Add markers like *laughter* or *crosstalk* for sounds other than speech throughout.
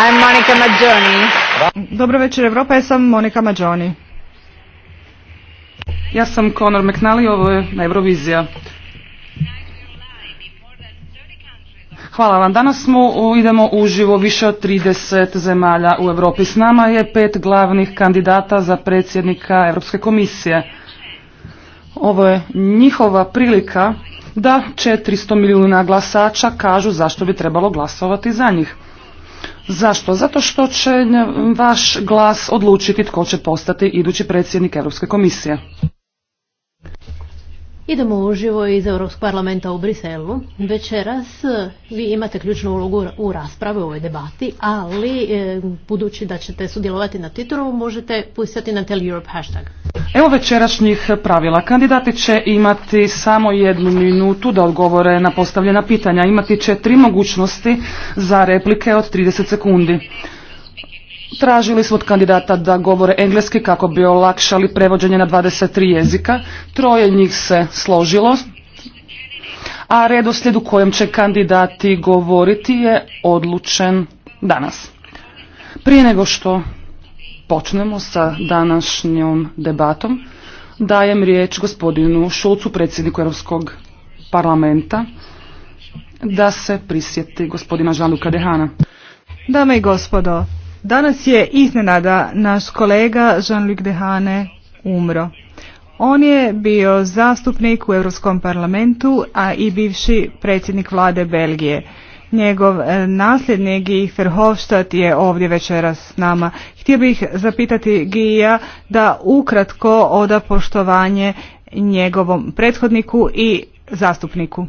I'm Monica Maggioni. Dobro večer Evropa, ja sam Monika Maggioni. Ja sam Conor McNally, ovo je Eurovizija. Hvala vam. Danas smo idemo uživo više od 30 zemalja u Europi. S nama je pet glavnih kandidata za predsjednika Europske komisije. Ovo je njihova prilika da 400 milijuna glasača kažu zašto bi trebalo glasovati za njih. Zašto? Zato što će vaš glas odlučiti tko će postati idući predsjednik Europske komisije. Idemo uživo iz Europskog parlamenta u Briselu. Večeras e, vi imate ključnu ulogu u raspravi u ovoj debati, ali e, budući da ćete sudjelovati na titulu možete pustiti na Tell Europe hashtag. Evo večerašnjih pravila. Kandidati će imati samo jednu minutu da odgovore na postavljena pitanja. Imati će tri mogućnosti za replike od 30 sekundi. Tražili smo od kandidata da govore engleski kako bi olakšali prevođenje na 23 jezika. Troje njih se složilo, a redoslijed u kojem će kandidati govoriti je odlučen danas. Prije nego što počnemo sa današnjom debatom, dajem riječ gospodinu Šulcu, predsjedniku Europskog parlamenta, da se prisjeti gospodina Žaluka Dehana. Dame i gospodo, Danas je iznenada naš kolega Jean-Luc Dehane umro. On je bio zastupnik u Europskom parlamentu, a i bivši predsjednik vlade Belgije. Njegov e, nasljednik i Verhofstadt je ovdje večeras s nama. Htio bih zapitati Gija da ukratko oda poštovanje njegovom prethodniku i zastupniku.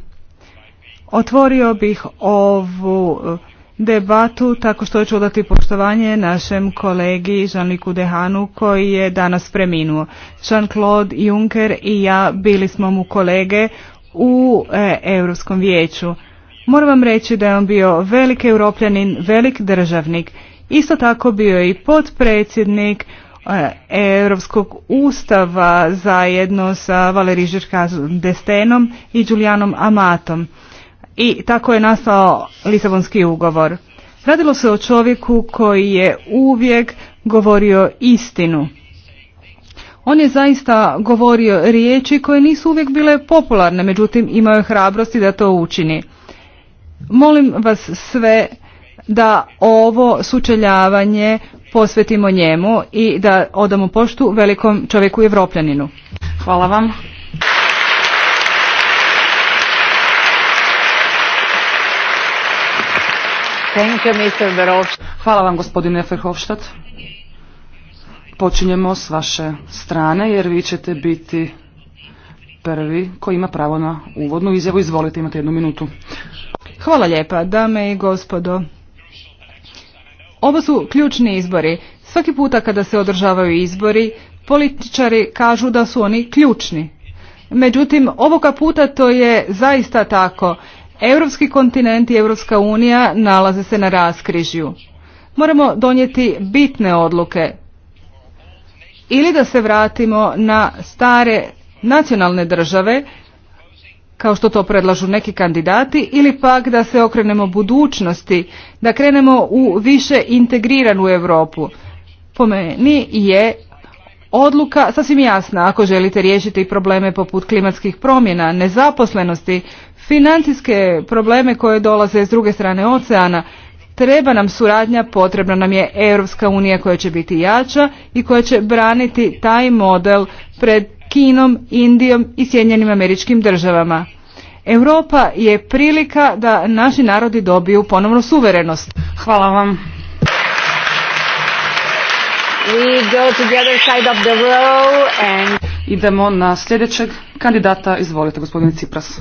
Otvorio bih ovu debatu tako što ću odati poštovanje našem kolegi Jean-Luc Dehanu koji je danas preminuo. Jean-Claude Juncker i ja bili smo mu kolege u e, Europskom vijeću. Moram vam reći da je on bio velik europljanin, velik državnik. Isto tako bio je i potpredsjednik e, Europskog ustava zajedno sa Valerij Žirkazom Destenom i Julianom Amatom i tako je nastao Lisabonski ugovor. Radilo se o čovjeku koji je uvijek govorio istinu. On je zaista govorio riječi koje nisu uvijek bile popularne, međutim imao je hrabrosti da to učini. Molim vas sve da ovo sučeljavanje posvetimo njemu i da odamo poštu velikom čovjeku Evropljaninu. Hvala vam. Hvala vam gospodine Ferhofstadt. Počinjemo s vaše strane jer vi ćete biti prvi koji ima pravo na uvodnu izjavu. Izvolite, imate jednu minutu. Hvala lijepa, dame i gospodo. Ovo su ključni izbori. Svaki puta kada se održavaju izbori, političari kažu da su oni ključni. Međutim, ovoga puta to je zaista tako Europski kontinent i Europska unija nalaze se na raskrižju. Moramo donijeti bitne odluke ili da se vratimo na stare nacionalne države kao što to predlažu neki kandidati ili pak da se okrenemo budućnosti, da krenemo u više integriranu Europu. Po meni je odluka sasvim jasna ako želite riješiti probleme poput klimatskih promjena, nezaposlenosti, financijske probleme koje dolaze s druge strane oceana. Treba nam suradnja, potrebna nam je Europska unija koja će biti jača i koja će braniti taj model pred Kinom, Indijom i Sjedinjenim američkim državama. Europa je prilika da naši narodi dobiju ponovno suverenost. Hvala vam. Idemo na sljedećeg kandidata. Izvolite, gospodin Cipras.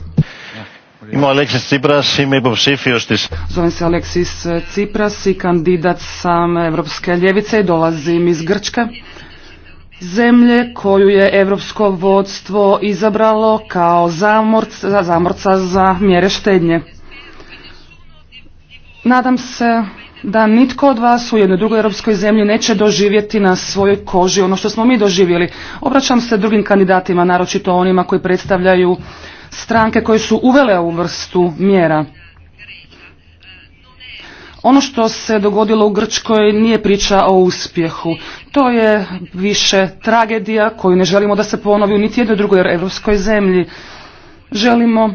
Ima Zovem se Aleksis e, Cipras i kandidat sam Evropske ljevice i dolazim iz Grčke. Zemlje koju je evropsko vodstvo izabralo kao zamorca, zamorca za mjere štednje. Nadam se da nitko od vas u jednoj drugoj europskoj zemlji neće doživjeti na svojoj koži ono što smo mi doživjeli. Obraćam se drugim kandidatima, naročito onima koji predstavljaju stranke koje su uvele ovu vrstu mjera. Ono što se dogodilo u Grčkoj nije priča o uspjehu. To je više tragedija koju ne želimo da se ponovi u niti jednoj drugoj europskoj zemlji. Želimo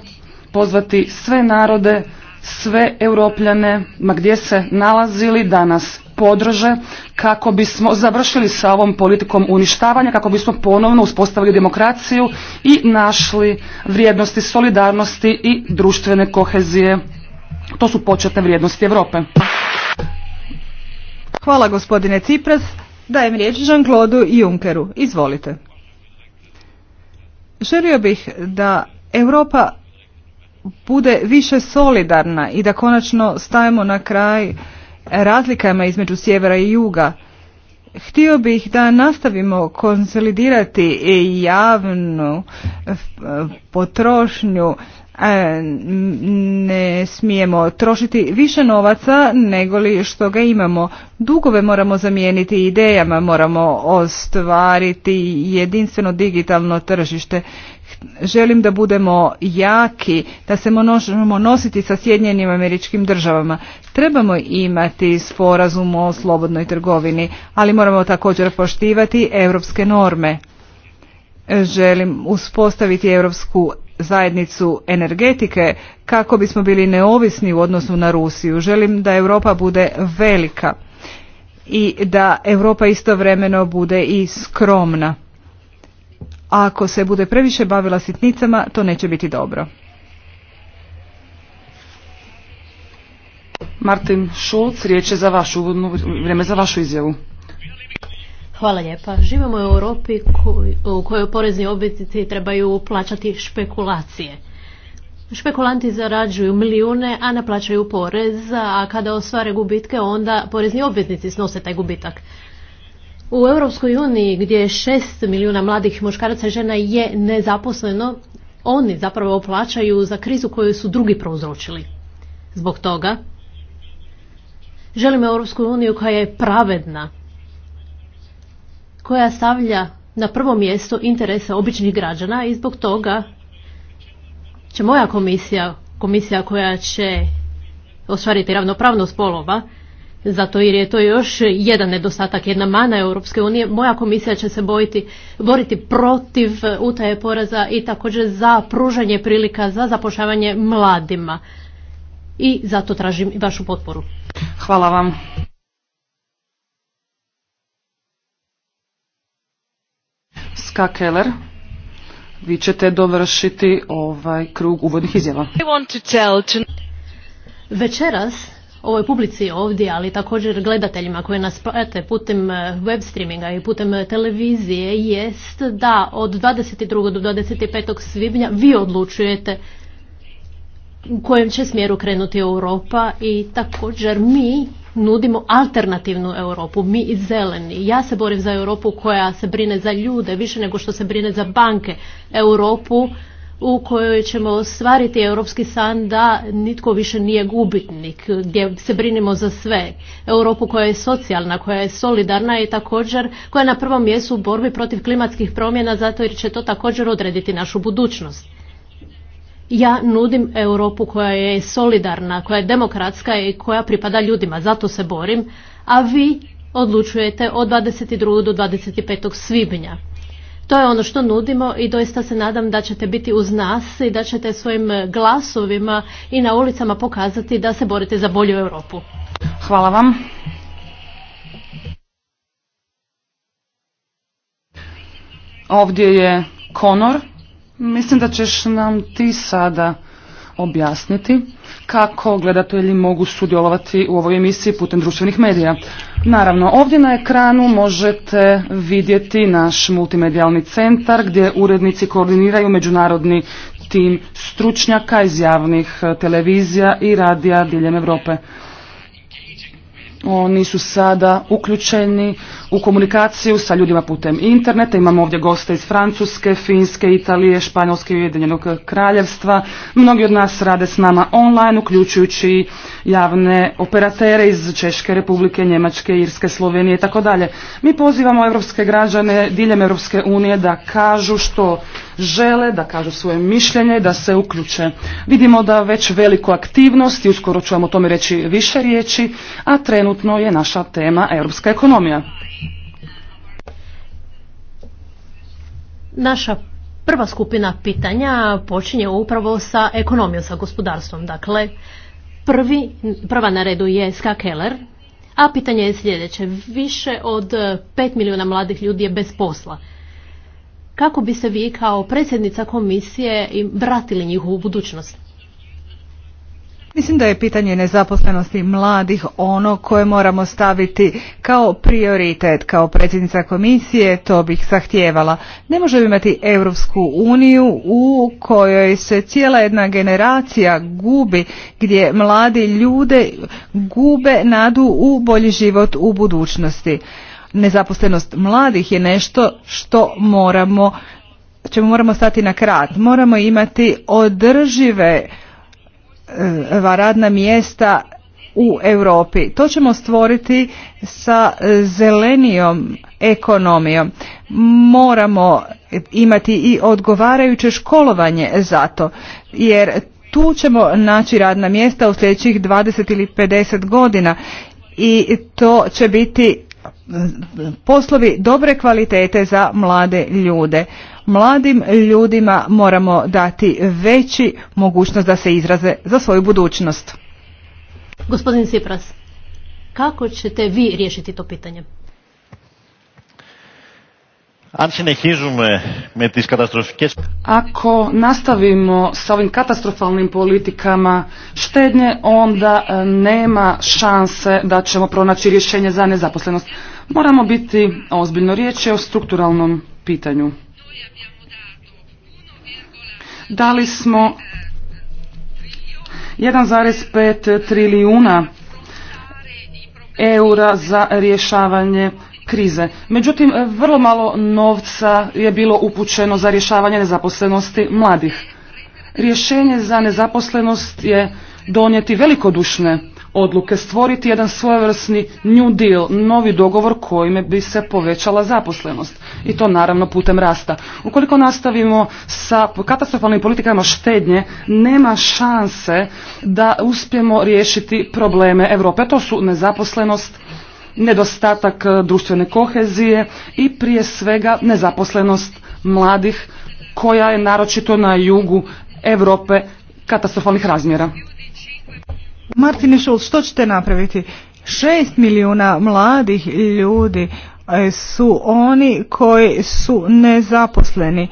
pozvati sve narode, sve europljane, ma gdje se nalazili danas podrže kako bismo završili sa ovom politikom uništavanja, kako bismo ponovno uspostavili demokraciju i našli vrijednosti solidarnosti i društvene kohezije. To su početne vrijednosti Europe. Hvala gospodine Cipras. Dajem riječ Jean-Claude Junckeru. Izvolite. Želio bih da Europa bude više solidarna i da konačno stajemo na kraj razlikama između sjevera i juga. Htio bih da nastavimo konsolidirati javnu potrošnju. E, ne smijemo trošiti više novaca nego li što ga imamo. Dugove moramo zamijeniti idejama, moramo ostvariti jedinstveno digitalno tržište želim da budemo jaki, da se možemo nositi sa Sjedinjenim američkim državama. Trebamo imati sporazum o slobodnoj trgovini, ali moramo također poštivati europske norme. Želim uspostaviti europsku zajednicu energetike kako bismo bili neovisni u odnosu na Rusiju. Želim da Europa bude velika i da Europa istovremeno bude i skromna. Ako se bude previše bavila sitnicama, to neće biti dobro. Martin Šulc, riječ je za vašu vrijeme za vašu izjavu. Hvala lijepa. Živimo u Europi u kojoj porezni obveznici trebaju plaćati špekulacije. Špekulanti zarađuju milijune, a naplaćaju porez, a kada ostvare gubitke, onda porezni obveznici snose taj gubitak. U Europskoj uniji gdje šest milijuna mladih muškaraca i žena je nezaposleno, oni zapravo plaćaju za krizu koju su drugi prouzročili. Zbog toga želimo Europsku uniju koja je pravedna, koja stavlja na prvo mjesto interese običnih građana i zbog toga će moja komisija, komisija koja će ostvariti ravnopravnost spolova, zato jer je to još jedan nedostatak, jedna mana Europske unije. Moja komisija će se bojiti, boriti protiv utaje poreza i također za pružanje prilika za zapošljavanje mladima. I zato tražim vašu potporu. Hvala vam. Ska Keller, vi ćete dovršiti ovaj krug uvodnih izjava. Večeras ovoj publici ovdje, ali također gledateljima koje nas prate putem eh, web streaminga i putem eh, televizije jest da od 22. do 25. svibnja vi odlučujete u kojem će smjeru krenuti Europa i također mi nudimo alternativnu Europu, mi i zeleni. Ja se borim za Europu koja se brine za ljude više nego što se brine za banke. Europu u kojoj ćemo ostvariti europski san da nitko više nije gubitnik, gdje se brinimo za sve. Europu koja je socijalna, koja je solidarna i također koja je na prvom mjestu u borbi protiv klimatskih promjena zato jer će to također odrediti našu budućnost. Ja nudim Europu koja je solidarna, koja je demokratska i koja pripada ljudima, zato se borim, a vi odlučujete od 22. do 25. svibnja. To je ono što nudimo i doista se nadam da ćete biti uz nas i da ćete svojim glasovima i na ulicama pokazati da se borite za bolju Europu. Hvala vam. Ovdje je Konor. Mislim da ćeš nam ti sada objasniti kako gledatelji mogu sudjelovati u ovoj emisiji putem društvenih medija. Naravno, ovdje na ekranu možete vidjeti naš multimedijalni centar gdje urednici koordiniraju međunarodni tim stručnjaka iz javnih eh, televizija i radija diljem Europe. Oni su sada uključeni u komunikaciju sa ljudima putem interneta. Imamo ovdje goste iz Francuske, Finske, Italije, Španjolske i Ujedinjenog kraljevstva. Mnogi od nas rade s nama online, uključujući javne operatere iz Češke republike, Njemačke, Irske, Slovenije i tako dalje. Mi pozivamo evropske građane diljem Evropske unije da kažu što žele, da kažu svoje mišljenje, da se uključe. Vidimo da već veliku aktivnost i uskoro ću o tome reći više riječi, a trenutno je naša tema europska ekonomija. Naša prva skupina pitanja počinje upravo sa ekonomijom, sa gospodarstvom. Dakle, prvi, prva na redu je Ska Keller, a pitanje je sljedeće. Više od pet milijuna mladih ljudi je bez posla. Kako bi se vi kao predsjednica komisije vratili njihovu budućnost? Mislim da je pitanje nezaposlenosti mladih ono koje moramo staviti kao prioritet. Kao predsjednica komisije to bih zahtijevala. Ne možemo imati Europsku uniju u kojoj se cijela jedna generacija gubi, gdje mladi ljude gube nadu u bolji život u budućnosti. Nezaposlenost mladih je nešto što moramo čemu moramo stati na krat. Moramo imati održive radna mjesta u Europi. To ćemo stvoriti sa zelenijom ekonomijom. Moramo imati i odgovarajuće školovanje za to, jer tu ćemo naći radna mjesta u sljedećih 20 ili 50 godina i to će biti poslovi dobre kvalitete za mlade ljude. Mladim ljudima moramo dati veći mogućnost da se izraze za svoju budućnost. Gospodin Cipras, kako ćete vi riješiti to pitanje? Ako nastavimo sa ovim katastrofalnim politikama štednje, onda e, nema šanse da ćemo pronaći rješenje za nezaposlenost. Moramo biti ozbiljno riječi o strukturalnom pitanju. Dali smo 1,5 trilijuna eura za rješavanje krize. Međutim, e, vrlo malo novca je bilo upućeno za rješavanje nezaposlenosti mladih. Rješenje za nezaposlenost je donijeti velikodušne odluke, stvoriti jedan svojevrsni New Deal, novi dogovor kojime bi se povećala zaposlenost. I to naravno putem rasta. Ukoliko nastavimo sa katastrofalnim politikama štednje, nema šanse da uspijemo riješiti probleme Europe. To su nezaposlenost, nedostatak e, društvene kohezije i prije svega nezaposlenost mladih koja je naročito na jugu Europe katastrofalnih razmjera. Martini Schulz, što ćete napraviti? Šest milijuna mladih ljudi e, su oni koji su nezaposleni.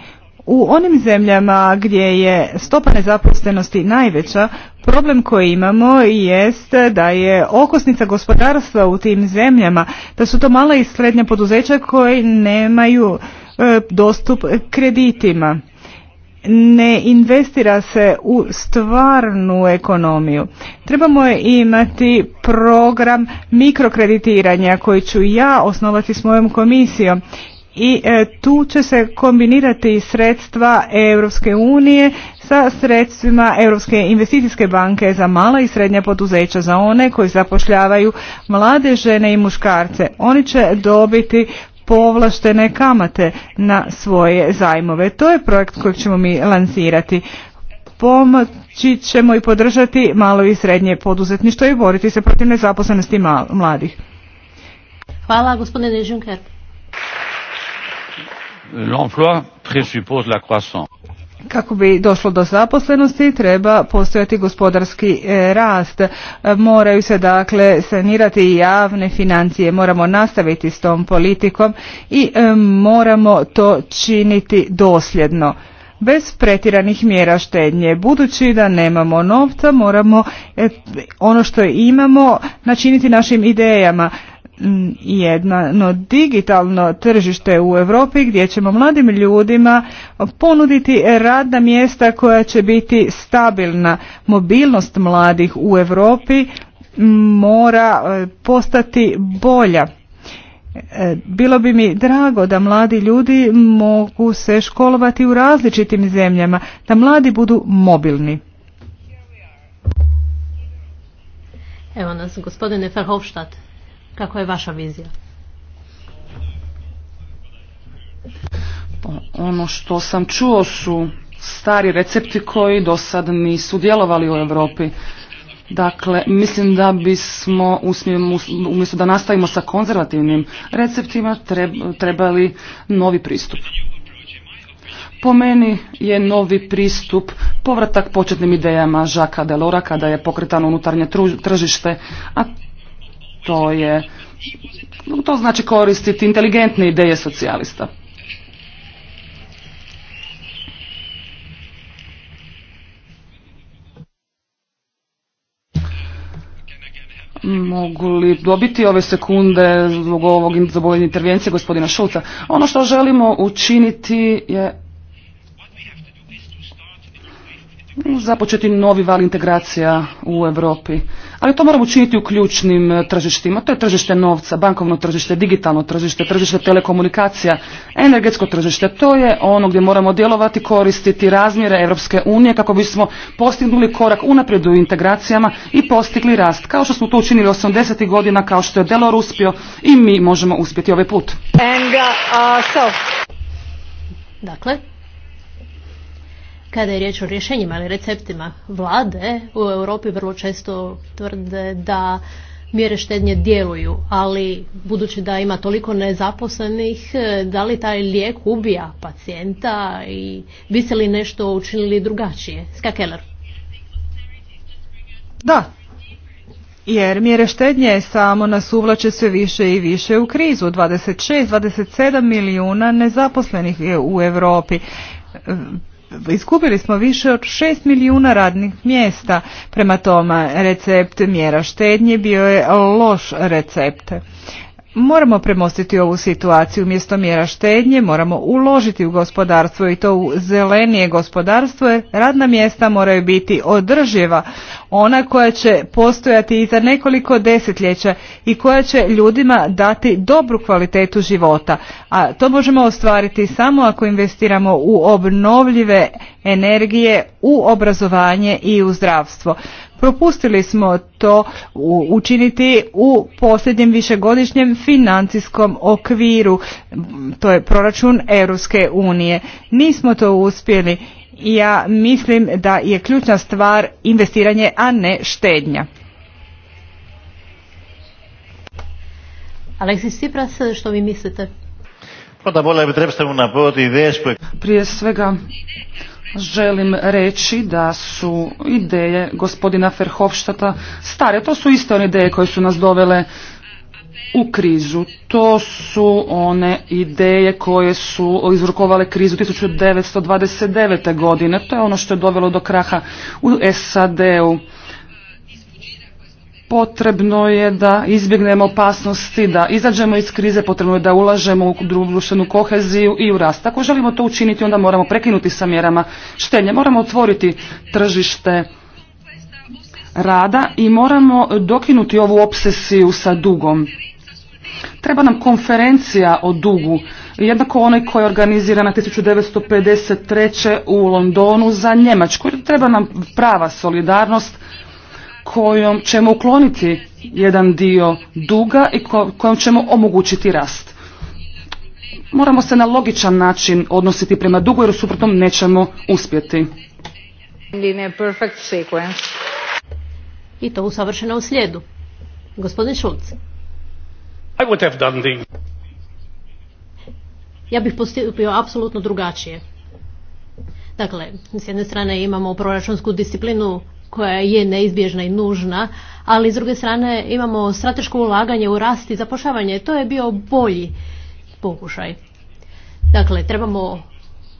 U onim zemljama gdje je stopa nezaposlenosti najveća, problem koji imamo jest da je okosnica gospodarstva u tim zemljama, da su to mala i srednja poduzeća koji nemaju e, dostup kreditima. Ne investira se u stvarnu ekonomiju. Trebamo imati program mikrokreditiranja koji ću ja osnovati s mojom komisijom i e, tu će se kombinirati sredstva Europske unije sa sredstvima Europske investicijske banke za mala i srednja poduzeća za one koji zapošljavaju mlade žene i muškarce. Oni će dobiti povlaštene kamate na svoje zajmove. To je projekt kojeg ćemo mi lansirati. Pomoći ćemo i podržati malo i srednje poduzetništvo i boriti se protiv nezaposlenosti mladih. Hvala gospodine Juncker l'emploi présuppose la croissance. Kako bi došlo do zaposlenosti treba postojati gospodarski e, rast. E, moraju se dakle sanirati javne financije, moramo nastaviti s tom politikom i e, moramo to činiti dosljedno. Bez pretiranih mjera štednje, budući da nemamo novca, moramo ono što imamo načiniti našim idejama jedno digitalno tržište u Europi gdje ćemo mladim ljudima ponuditi radna mjesta koja će biti stabilna. Mobilnost mladih u Europi mora e, postati bolja. E, bilo bi mi drago da mladi ljudi mogu se školovati u različitim zemljama, da mladi budu mobilni. Evo nas, gospodine Verhofstadt. Kako je vaša vizija? Pa, ono što sam čuo su stari recepti koji do sad nisu djelovali u Europi. Dakle, mislim da bismo, umjesto da nastavimo sa konzervativnim receptima, trebali novi pristup. Po meni je novi pristup povratak početnim idejama Žaka Delora kada je pokretano unutarnje tržište, a to je, to znači koristiti inteligentne ideje socijalista. mogu li dobiti ove sekunde zbog ovog zbog intervencije gospodina Šulca. Ono što želimo učiniti je započeti novi val integracija u Europi ali to moramo učiniti u ključnim e, tržištima. To je tržište novca, bankovno tržište, digitalno tržište, tržište telekomunikacija, energetsko tržište. To je ono gdje moramo djelovati, koristiti razmjere Europske unije kako bismo postignuli korak unaprijed u integracijama i postigli rast. Kao što smo to učinili 80. godina, kao što je Delor uspio i mi možemo uspjeti ovaj put. so. Dakle, kada je riječ o rješenjima ili receptima vlade u Europi vrlo često tvrde da mjere štednje djeluju, ali budući da ima toliko nezaposlenih, e, da li taj lijek ubija pacijenta i biste li nešto učinili drugačije? Skakeler. Da, jer mjere štednje samo nas uvlače sve više i više u krizu. 26-27 milijuna nezaposlenih je u Europi izgubili smo više od 6 milijuna radnih mjesta. Prema tome recept mjera štednje bio je loš recept. Moramo premostiti ovu situaciju. Umjesto mjera štednje moramo uložiti u gospodarstvo i to u zelenije gospodarstvo jer radna mjesta moraju biti održiva, ona koja će postojati i za nekoliko desetljeća i koja će ljudima dati dobru kvalitetu života. A to možemo ostvariti samo ako investiramo u obnovljive energije, u obrazovanje i u zdravstvo. Propustili smo to učiniti u posljednjem višegodišnjem financijskom okviru, to je proračun Europske unije. Nismo to uspjeli ja mislim da je ključna stvar investiranje, a ne štednja. Aleksis Sipras, što vi mislite? Prije svega želim reći da su ideje gospodina Ferhofštata stare. To su iste one ideje koje su nas dovele u krizu. To su one ideje koje su izvrkovale krizu 1929. godine. To je ono što je dovelo do kraha u SAD-u potrebno je da izbjegnemo opasnosti, da izađemo iz krize, potrebno je da ulažemo u društvenu koheziju i u rast. Ako želimo to učiniti, onda moramo prekinuti sa mjerama štenje, moramo otvoriti tržište rada i moramo dokinuti ovu obsesiju sa dugom. Treba nam konferencija o dugu, jednako onoj koja je organizirana 1953. u Londonu za Njemačku. Treba nam prava solidarnost, kojom ćemo ukloniti jedan dio duga i kojom ćemo omogućiti rast. Moramo se na logičan način odnositi prema dugu jer u suprotnom nećemo uspjeti. I to u savršenom slijedu. Gospodin Šulc. I would have done Ja bih postupio apsolutno drugačije. Dakle, s jedne strane imamo proračunsku disciplinu koja je neizbježna i nužna, ali s druge strane imamo strateško ulaganje u rast i zapošljavanje. To je bio bolji pokušaj. Dakle, trebamo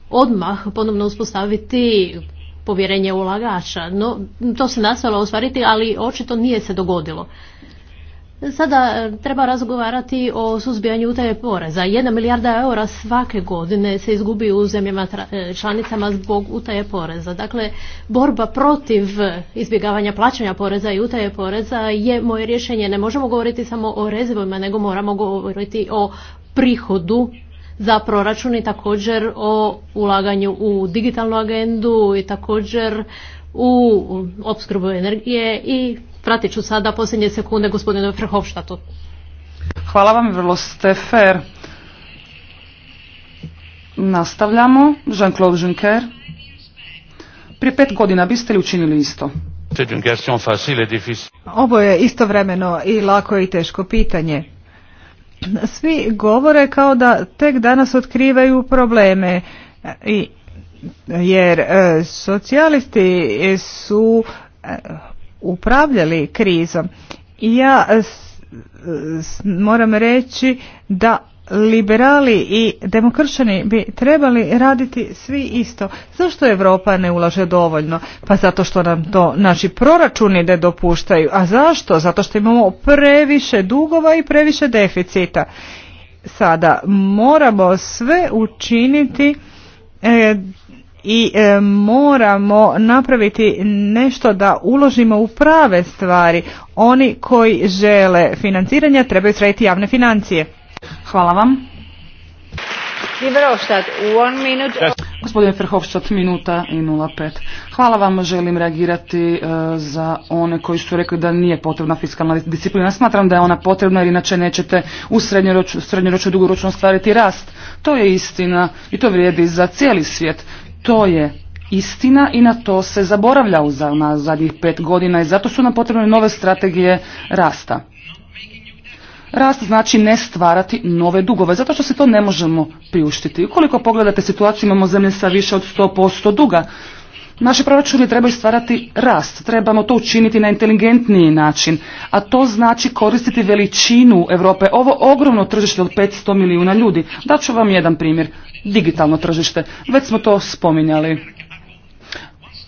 odmah ponovno uspostaviti povjerenje ulagača. No, to se nastavilo ostvariti, ali očito nije se dogodilo. Sada e, treba razgovarati o suzbijanju utaje poreza. Jedna milijarda eura svake godine se izgubi u zemljama e, članicama zbog utaje poreza. Dakle, borba protiv izbjegavanja plaćanja poreza i utaje poreza je moje rješenje. Ne možemo govoriti samo o rezivima, nego moramo govoriti o prihodu za proračun i također o ulaganju u digitalnu agendu i također u opskrbu energije i pratit ću sada posljednje sekunde gospodinu Frhovštatu. Hvala vam, vrlo ste fair. Nastavljamo, Jean-Claude Juncker. Prije pet godina biste li učinili isto? Ovo je istovremeno i lako i teško pitanje. Svi govore kao da tek danas otkrivaju probleme i jer e, socijalisti su e, upravljali krizom. I ja moram reći da liberali i demokršćani bi trebali raditi svi isto. Zašto Europa ne ulaže dovoljno? Pa zato što nam to naši proračuni ne dopuštaju. A zašto? Zato što imamo previše dugova i previše deficita. Sada moramo sve učiniti e, i e, moramo napraviti nešto da uložimo u prave stvari. Oni koji žele financiranja trebaju srediti javne financije. Hvala vam. Gospodine minuta i 05. Hvala vam, želim reagirati e, za one koji su rekli da nije potrebna fiskalna disciplina. Smatram da je ona potrebna jer inače nećete u srednjoročju i dugoročno ostvariti rast. To je istina i to vrijedi za cijeli svijet. To je istina i na to se zaboravlja u zadnjih pet godina i zato su nam potrebne nove strategije rasta. Rast znači ne stvarati nove dugove, zato što se to ne možemo priuštiti. Ukoliko pogledate situaciju, imamo zemlje sa više od 100% duga. Naši proračuni trebaju stvarati rast, trebamo to učiniti na inteligentniji način, a to znači koristiti veličinu Europe. Ovo ogromno tržište od 500 milijuna ljudi. Daću vam jedan primjer digitalno tržište. Već smo to spominjali.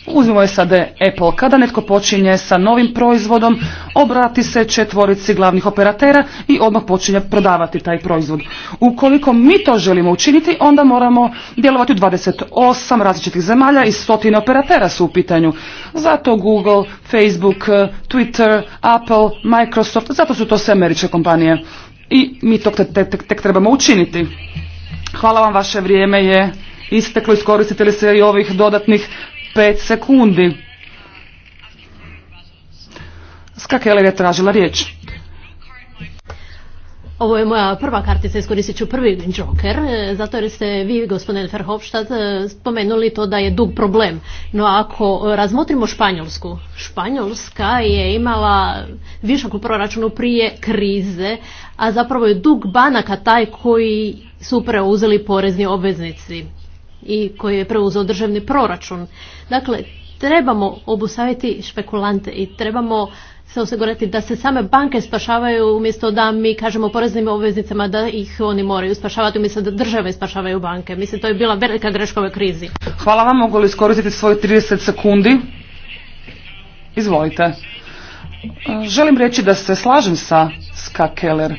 Uzmimo je sada Apple. Kada netko počinje sa novim proizvodom, obrati se četvorici glavnih operatera i odmah počinje prodavati taj proizvod. Ukoliko mi to želimo učiniti, onda moramo djelovati u 28 različitih zemalja i stotine operatera su u pitanju. Zato Google, Facebook, Twitter, Apple, Microsoft, zato su to sve američke kompanije. I mi to tek, tek trebamo učiniti. Hvala vam, vaše vrijeme je isteklo, iskoristite li se i ovih dodatnih pet sekundi. Skakele je tražila riječ. Ovo je moja prva kartica, iskoristit ću prvi džoker, e, zato jer ste vi, gospodine Verhofstadt, e, spomenuli to da je dug problem. No ako razmotrimo Španjolsku, Španjolska je imala višak u proračunu prije krize, a zapravo je dug banaka taj koji su preuzeli porezni obveznici i koji je preuzeo državni proračun. Dakle, trebamo obusaviti špekulante i trebamo se osigurati da se same banke spašavaju umjesto da mi kažemo poreznim obveznicama da ih oni moraju spašavati umjesto da države spašavaju banke. Mislim, to je bila velika greška ove krizi. Hvala vam, mogu li iskoristiti svoje 30 sekundi? Izvolite. Želim reći da se slažem sa Ska Keller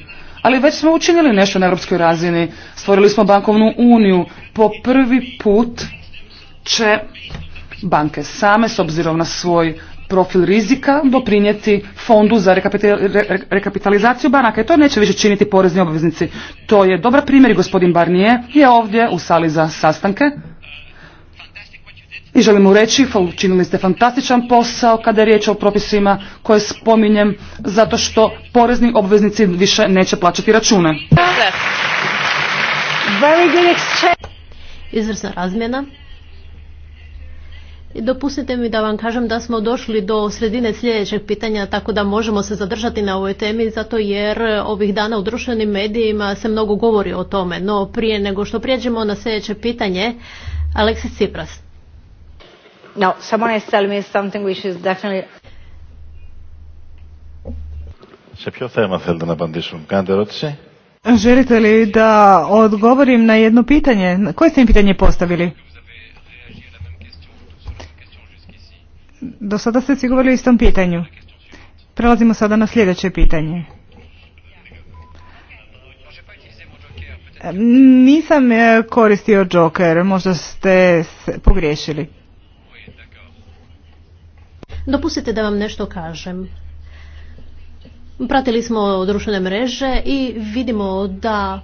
ali već smo učinili nešto na europskoj razini. Stvorili smo bankovnu uniju. Po prvi put će banke same, s obzirom na svoj profil rizika, doprinijeti fondu za rekapitalizaciju banaka. I to neće više činiti porezni obveznici. To je dobar primjer i gospodin Barnije je ovdje u sali za sastanke. I želim mu reći, učinili ste fantastičan posao kada je riječ o propisima koje spominjem, zato što porezni obveznici više neće plaćati račune. Izvrsna razmjena. I dopustite mi da vam kažem da smo došli do sredine sljedećeg pitanja, tako da možemo se zadržati na ovoj temi, zato jer ovih dana u društvenim medijima se mnogo govori o tome. No prije nego što prijeđemo na sljedeće pitanje, Aleksis Cipras no, someone is telling me something which is definitely... Σε ποιο θέμα θέλετε να απαντήσουν, κάντε ερώτηση. Želite li da odgovorim na jedno pitanje? Koje ste mi pitanje postavili? Do sada ste svi govorili o istom pitanju. Prelazimo sada na sljedeće pitanje. Nisam e, koristio Joker, možda ste pogriješili. Dopustite da vam nešto kažem. Pratili smo društvene mreže i vidimo da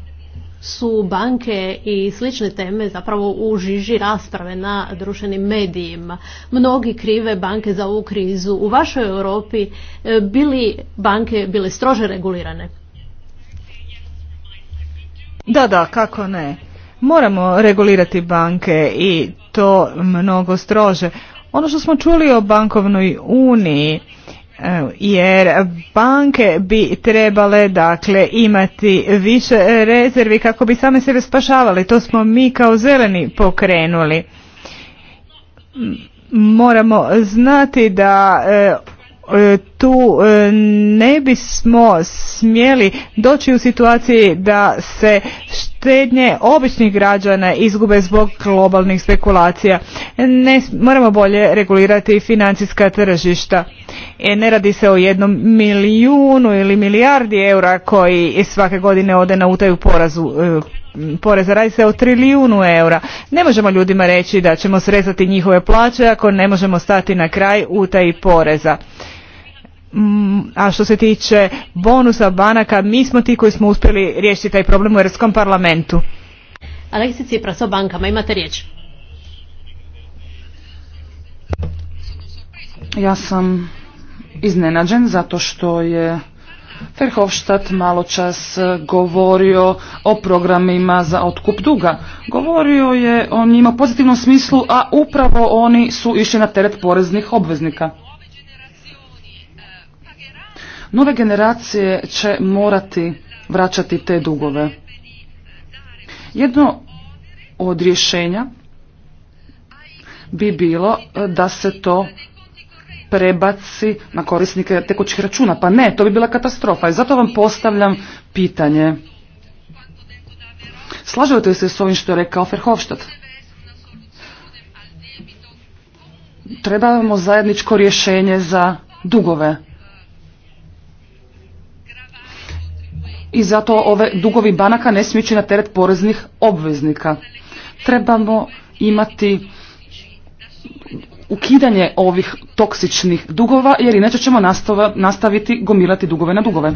su banke i slične teme zapravo u žiži rasprave na društvenim medijima. Mnogi krive banke za ovu krizu. U vašoj Europi e, bili banke bile strože regulirane? Da, da, kako ne. Moramo regulirati banke i to mnogo strože. Ono što smo čuli o bankovnoj uniji, e, jer banke bi trebale dakle imati više rezervi kako bi same sebe spašavali. To smo mi kao zeleni pokrenuli. Moramo znati da e, e, tu ne bismo smjeli doći u situaciji da se štednje običnih građana izgube zbog globalnih spekulacija. Ne, moramo bolje regulirati financijska tržišta. E, ne radi se o jednom milijunu ili milijardi eura koji svake godine ode na utaju porazu, e, poreza. Radi se o trilijunu eura. Ne možemo ljudima reći da ćemo srezati njihove plaće ako ne možemo stati na kraj utaji poreza. Mm, a što se tiče bonusa banaka, mi smo ti koji smo uspjeli riješiti taj problem u Europskom parlamentu. Aleksi Cipras o bankama, imate riječ. Ja sam iznenađen zato što je Verhofstadt malo čas e, govorio o programima za otkup duga. Govorio je o njima u pozitivnom smislu, a upravo oni su išli na teret poreznih obveznika. Nove generacije će morati vraćati te dugove. Jedno od rješenja bi bilo e, da se to prebaci na korisnike tekućih računa. Pa ne, to bi bila katastrofa. I zato vam postavljam pitanje. Slažete se s ovim što je rekao Ferhofstadt? Trebamo zajedničko rješenje za dugove. i zato ove dugovi banaka ne smiju na teret poreznih obveznika. Trebamo imati ukidanje ovih toksičnih dugova jer inače ćemo nastaviti gomilati dugove na dugove.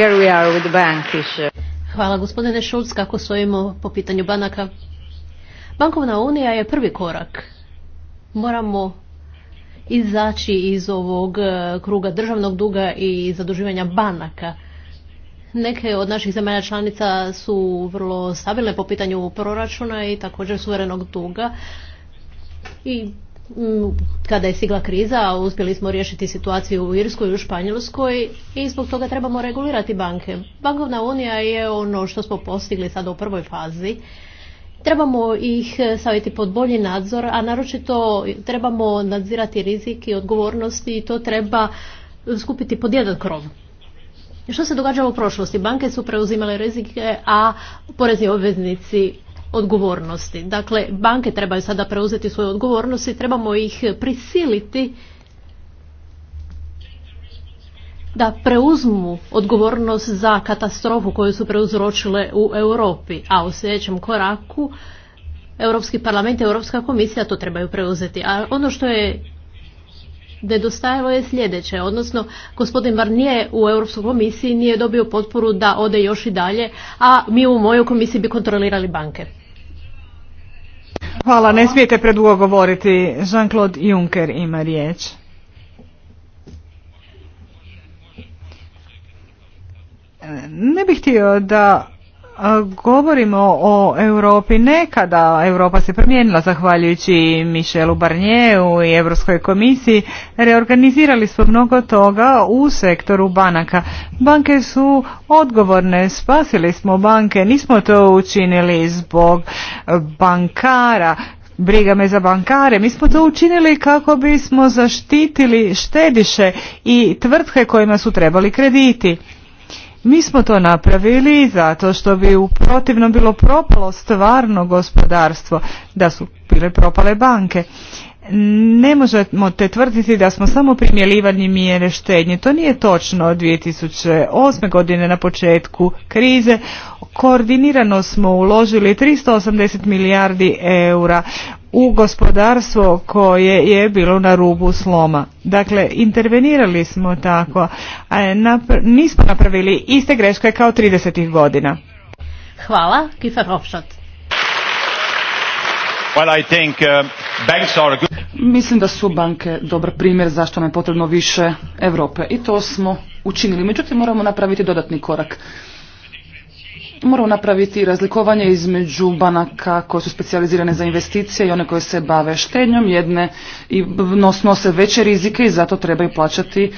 Hvala gospodine Šulc, kako svojimo po pitanju banaka? Bankovna unija je prvi korak. Moramo izaći iz ovog eh, kruga državnog duga i zaduživanja banaka. Neke od naših zemalja članica su vrlo stabilne po pitanju proračuna i također suverenog duga. I mm, kada je sigla kriza, uspjeli smo riješiti situaciju u Irskoj i u Španjolskoj i zbog toga trebamo regulirati banke. Bankovna unija je ono što smo postigli sada u prvoj fazi. Trebamo ih staviti pod bolji nadzor, a naročito trebamo nadzirati rizik i odgovornosti i to treba skupiti pod jedan krov. Što se događalo u prošlosti? Banke su preuzimale rizike, a porezni obveznici odgovornosti. Dakle, banke trebaju sada preuzeti odgovornost odgovornosti, trebamo ih prisiliti da preuzmu odgovornost za katastrofu koju su preuzročile u Europi, a u sljedećem koraku Europski parlament i Europska komisija to trebaju preuzeti. A ono što je nedostajalo je sljedeće, odnosno gospodin Barnier u Europskoj komisiji nije dobio potporu da ode još i dalje, a mi u mojoj komisiji bi kontrolirali banke. Hvala, ne smijete predugo govoriti. Jean-Claude Juncker ima riječ. Ne bih htio da Govorimo o Europi nekada, Europa se promijenila zahvaljujući Michelu Barnijevu i Europskoj komisiji, reorganizirali smo mnogo toga u sektoru banaka. Banke su odgovorne, spasili smo banke, nismo to učinili zbog bankara, Briga me za bankare. Mi smo to učinili kako bismo zaštitili štediše i tvrtke kojima su trebali krediti. Mi smo to napravili zato što bi u protivnom bilo propalo stvarno gospodarstvo, da su bile propale banke. Ne možemo te tvrditi da smo samo primjelivanje mjere štednje. To nije točno. Od 2008. godine na početku krize Koordinirano smo uložili 380 milijardi eura u gospodarstvo koje je bilo na rubu sloma. Dakle, intervenirali smo tako, a nismo napravili iste greške kao 30. godina. Hvala, uh, Mislim da su banke dobar primjer zašto nam je potrebno više Europe i to smo učinili. Međutim, moramo napraviti dodatni korak. Moramo napraviti razlikovanje između banaka koje su specijalizirane za investicije i one koje se bave štednjom. Jedne i nose veće rizike i zato trebaju plaćati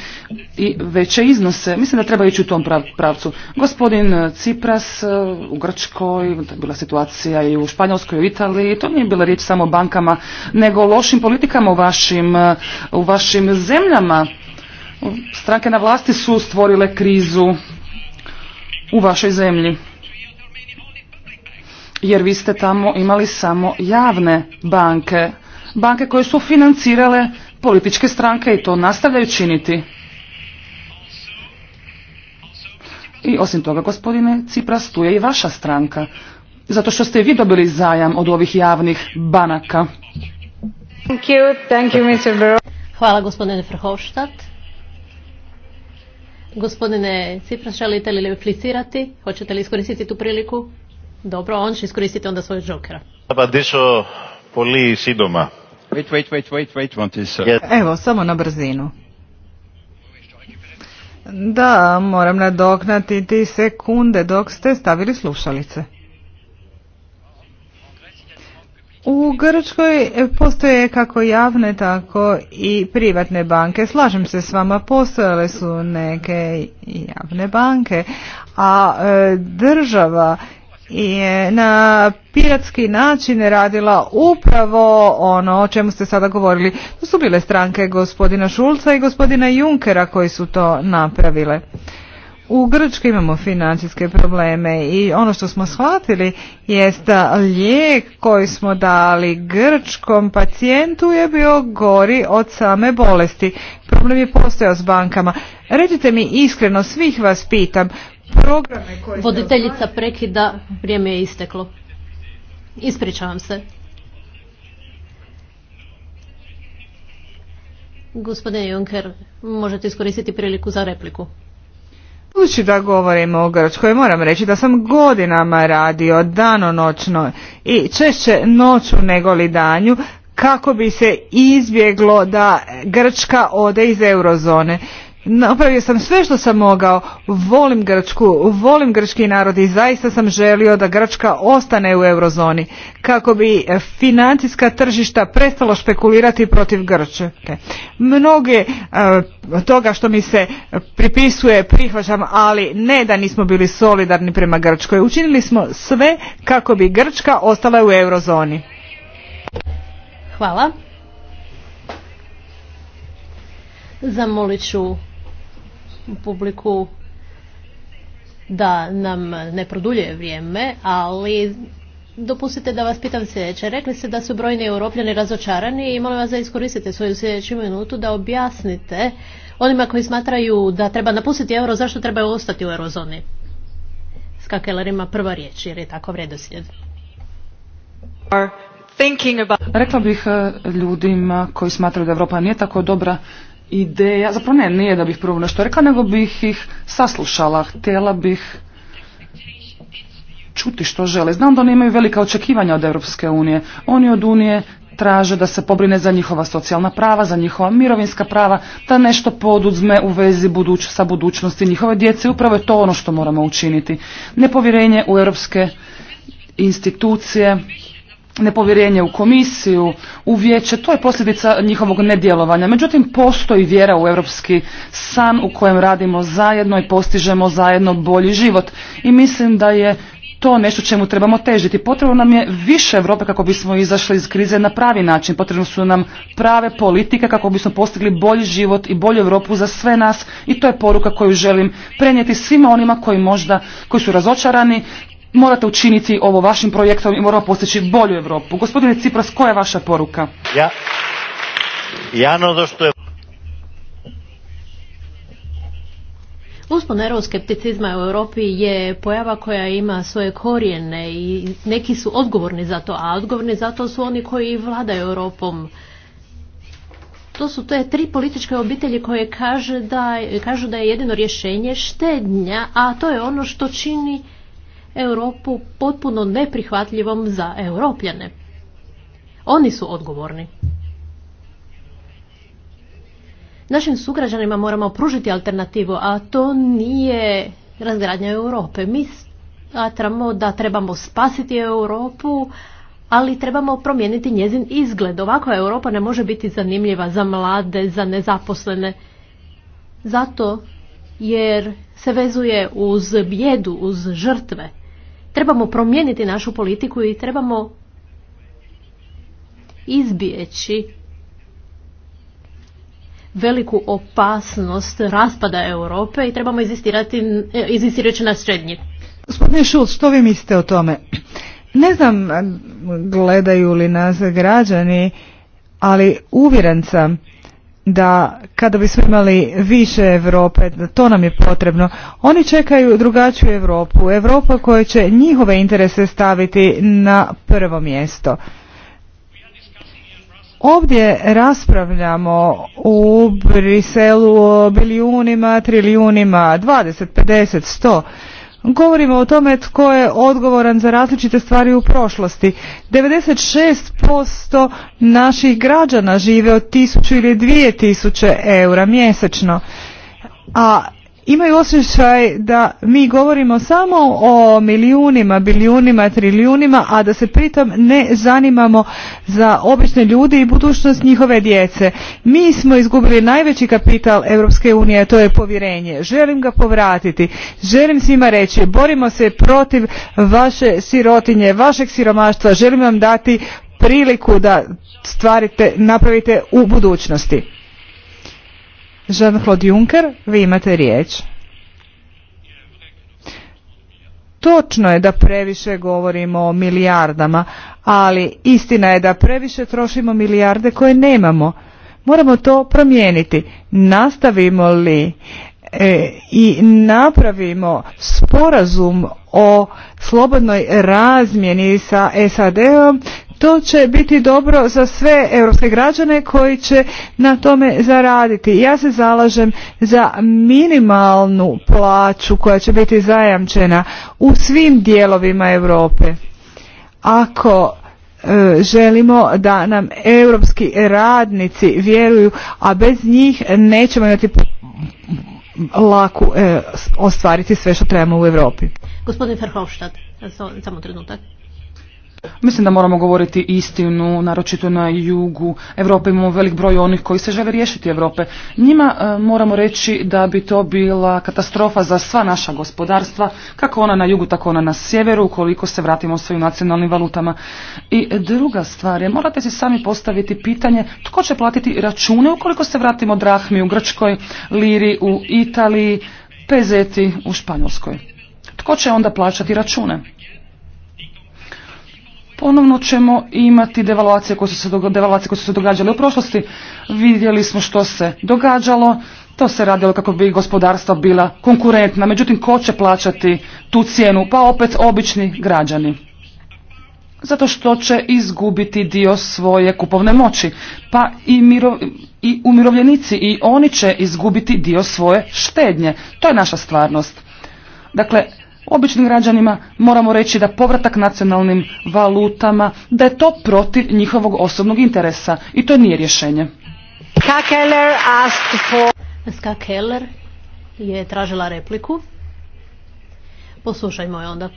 i veće iznose. Mislim da treba ići u tom pravcu. Gospodin Cipras e, u Grčkoj, to je bila situacija i u Španjolskoj i u Italiji, to nije bila riječ samo o bankama, nego o lošim politikama u vašim, e, u vašim zemljama. Stranke na vlasti su stvorile krizu u vašoj zemlji jer vi ste tamo imali samo javne banke, banke koje su financirale političke stranke i to nastavljaju činiti. I osim toga, gospodine Cipras, tu je i vaša stranka, zato što ste vi dobili zajam od ovih javnih banaka. Hvala gospodine Frhovštat. Gospodine Cipras, želite li replicirati? Hoćete li iskoristiti tu priliku? Dobro, on će iskoristiti onda svoju džokera. poli Wait, wait, wait, wait, wait, Evo, samo na brzinu. Da, moram ti sekunde dok ste stavili slušalice. U Grčkoj postoje kako javne, tako i privatne banke. Slažem se s vama, postojale su neke javne banke, a e, država je na piratski način radila upravo ono o čemu ste sada govorili. To su bile stranke gospodina Šulca i gospodina Junkera koji su to napravile. U Grčkoj imamo financijske probleme i ono što smo shvatili jest da lijek koji smo dali grčkom pacijentu je bio gori od same bolesti. Problem je postojao s bankama. Recite mi iskreno, svih vas pitam, programe Voditeljica prekida, vrijeme je isteklo. Ispričavam se. Gospodine Juncker, možete iskoristiti priliku za repliku. Budući da govorimo o Grčkoj, moram reći da sam godinama radio danonoćno i češće noću nego li danju kako bi se izbjeglo da Grčka ode iz eurozone. Napravio sam sve što sam mogao. Volim Grčku, volim grčki narod i zaista sam želio da Grčka ostane u eurozoni kako bi financijska tržišta prestalo špekulirati protiv Grčke. Mnoge e, toga što mi se pripisuje prihvaćam, ali ne da nismo bili solidarni prema Grčkoj. Učinili smo sve kako bi Grčka ostala u eurozoni. Hvala. Zamolit ću publiku da nam ne produljuje vrijeme, ali dopustite da vas pitam sljedeće. Rekli ste da su brojni europljani razočarani i molim vas da iskoristite svoju sljedeću minutu da objasnite onima koji smatraju da treba napustiti euro, zašto trebaju ostati u eurozoni? Skakelerima prva riječ, jer je tako vredoslijed. Rekla bih eh, ljudima koji smatraju da Europa nije tako dobra ideja, zapravo ne, nije da bih prvo nešto rekla, nego bih ih saslušala, htjela bih čuti što žele. Znam da oni imaju velika očekivanja od Europske unije. Oni od unije traže da se pobrine za njihova socijalna prava, za njihova mirovinska prava, da nešto poduzme u vezi buduć, sa budućnosti njihove djece. Upravo je to ono što moramo učiniti. Nepovjerenje u europske institucije nepovjerenje u komisiju, u vijeće, to je posljedica njihovog nedjelovanja. Međutim, postoji vjera u europski san u kojem radimo zajedno i postižemo zajedno bolji život. I mislim da je to nešto čemu trebamo težiti. Potrebno nam je više Europe kako bismo izašli iz krize na pravi način. Potrebno su nam prave politike kako bismo postigli bolji život i bolju Europu za sve nas i to je poruka koju želim prenijeti svima onima koji možda, koji su razočarani, morate učiniti ovo vašim projektom i moramo postići bolju Europu. Gospodine Cipras, koja je vaša poruka? Ja, ja što je... Uspon euroskepticizma u Europi je pojava koja ima svoje korijene i neki su odgovorni za to, a odgovorni za to su oni koji vladaju Europom. To su te tri političke obitelji koje da, kažu da je jedino rješenje štednja, a to je ono što čini Europu potpuno neprihvatljivom za europljane. Oni su odgovorni. Našim sugrađanima moramo pružiti alternativu, a to nije razgradnja Europe. Mi smatramo da trebamo spasiti Europu, ali trebamo promijeniti njezin izgled. Ovako Europa ne može biti zanimljiva za mlade, za nezaposlene. Zato jer se vezuje uz bjedu, uz žrtve trebamo promijeniti našu politiku i trebamo izbjeći veliku opasnost raspada Europe i trebamo izistirati eh, na srednji. Gospodine Šulc, što vi mislite o tome? Ne znam gledaju li nas građani, ali uvjeren sam da kada bismo imali više Europe, to nam je potrebno. Oni čekaju drugačiju Europu, Europa koja će njihove interese staviti na prvo mjesto. Ovdje raspravljamo u Briselu o bilijunima, trilijunima, 20, 50, 100 Govorimo o tome tko je odgovoran za različite stvari u prošlosti. 96% naših građana žive od 1000 ili 2000 eura mjesečno. A imaju osjećaj da mi govorimo samo o milijunima, bilijunima, trilijunima, a da se pritom ne zanimamo za obične ljude i budućnost njihove djece. Mi smo izgubili najveći kapital Europske unije, to je povjerenje. Želim ga povratiti. Želim svima reći, borimo se protiv vaše sirotinje, vašeg siromaštva. Želim vam dati priliku da stvarite, napravite u budućnosti. Jean-Claude Juncker, vi imate riječ. Točno je da previše govorimo o milijardama, ali istina je da previše trošimo milijarde koje nemamo. Moramo to promijeniti. Nastavimo li e, i napravimo sporazum o slobodnoj razmjeni sa SAD-om, to će biti dobro za sve europske građane koji će na tome zaraditi. Ja se zalažem za minimalnu plaću koja će biti zajamčena u svim dijelovima Europe. Ako e, želimo da nam europski radnici vjeruju, a bez njih nećemo imati laku e, ostvariti sve što trebamo u Europi. Gospodin Verhofstadt, samo trenutak. Mislim da moramo govoriti istinu, naročito na jugu Europe imamo velik broj onih koji se žele riješiti Europe. Njima e, moramo reći da bi to bila katastrofa za sva naša gospodarstva, kako ona na jugu, tako ona na sjeveru, ukoliko se vratimo svojim nacionalnim valutama. I druga stvar je, morate si sami postaviti pitanje tko će platiti račune ukoliko se vratimo drahmi u Grčkoj, liri u Italiji, pezeti u Španjolskoj. Tko će onda plaćati račune? ponovno ćemo imati devaluacije koje su se, devaluacije koje su se događale u prošlosti. Vidjeli smo što se događalo, to se radilo kako bi gospodarstva bila konkurentna. Međutim, ko će plaćati tu cijenu? Pa opet obični građani. Zato što će izgubiti dio svoje kupovne moći. Pa i, i umirovljenici i oni će izgubiti dio svoje štednje. To je naša stvarnost. Dakle, običnim građanima moramo reći da povratak nacionalnim valutama, da je to protiv njihovog osobnog interesa i to nije rješenje. Ska Keller, Keller je tražila repliku. Poslušajmo je onda.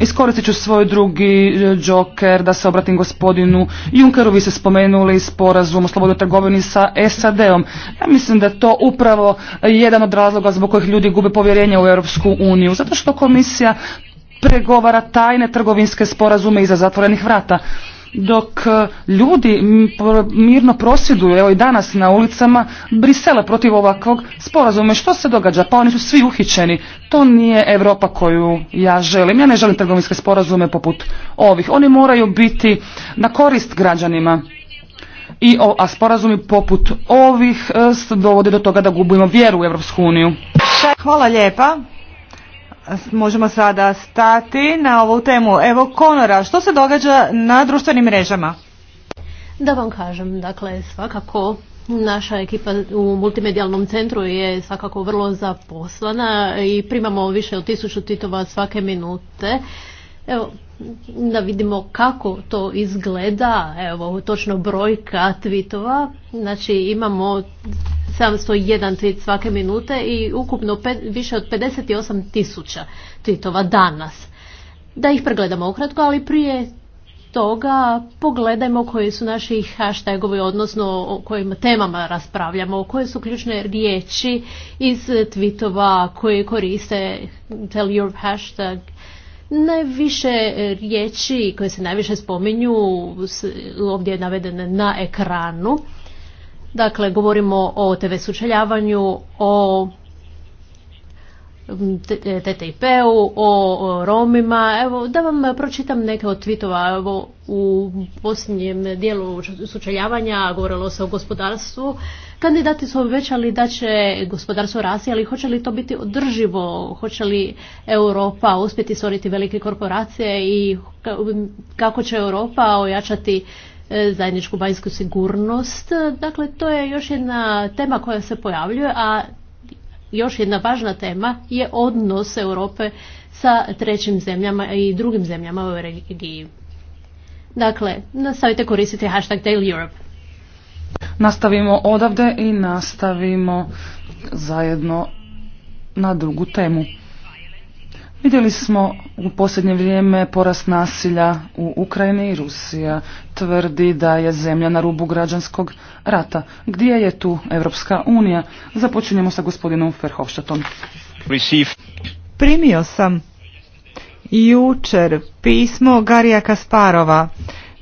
Iskoristit ću svoj drugi džoker e, da se obratim gospodinu Junkeru. Vi ste spomenuli sporazum o slobodnoj trgovini sa SAD-om. Ja mislim da je to upravo jedan od razloga zbog kojih ljudi gube povjerenje u Europsku uniju. Zato što komisija pregovara tajne trgovinske sporazume iza zatvorenih vrata dok e, ljudi mirno prosvjeduju, evo i danas na ulicama Brisela protiv ovakvog sporazuma. što se događa? Pa oni su svi uhićeni. To nije Europa koju ja želim. Ja ne želim trgovinske sporazume poput ovih. Oni moraju biti na korist građanima. I, a sporazumi poput ovih e, dovode do toga da gubimo vjeru u Europsku uniju. Hvala lijepa možemo sada stati na ovu temu. Evo Konora, što se događa na društvenim mrežama? Da vam kažem, dakle svakako naša ekipa u multimedijalnom centru je svakako vrlo zaposlana i primamo više od tisuću titova svake minute. Evo, da vidimo kako to izgleda, evo točno brojka tweetova, znači imamo 701 tweet svake minute i ukupno više od 58 tisuća tweetova danas. Da ih pregledamo ukratko, ali prije toga pogledajmo koji su naši hashtagovi, odnosno o kojim temama raspravljamo, koje su ključne riječi iz tweetova koje koriste Tell Your Hashtag Najviše e, riječi koje se najviše spominju ovdje je navedene na ekranu. Dakle, govorimo o TV sučeljavanju, o TTIP-u, e, o Romima. Evo, da vam pročitam neke od tweetova. u posljednjem dijelu sučeljavanja govorilo se o gospodarstvu Kandidati su obećali da će gospodarstvo rasti, ali hoće li to biti održivo? Hoće li Europa uspjeti stvoriti velike korporacije i kako će Europa ojačati e, zajedničku vanjsku sigurnost? Dakle, to je još jedna tema koja se pojavljuje, a još jedna važna tema je odnos Europe sa trećim zemljama i drugim zemljama u regiji. Dakle, nastavite koristiti hashtag Daily Europe. Nastavimo odavde i nastavimo zajedno na drugu temu. Vidjeli smo u posljednje vrijeme porast nasilja u Ukrajini i Rusija tvrdi da je zemlja na rubu građanskog rata. Gdje je tu Evropska unija? Započinjemo sa gospodinom Ferhofštatom. Primio sam jučer pismo Garija Kasparova,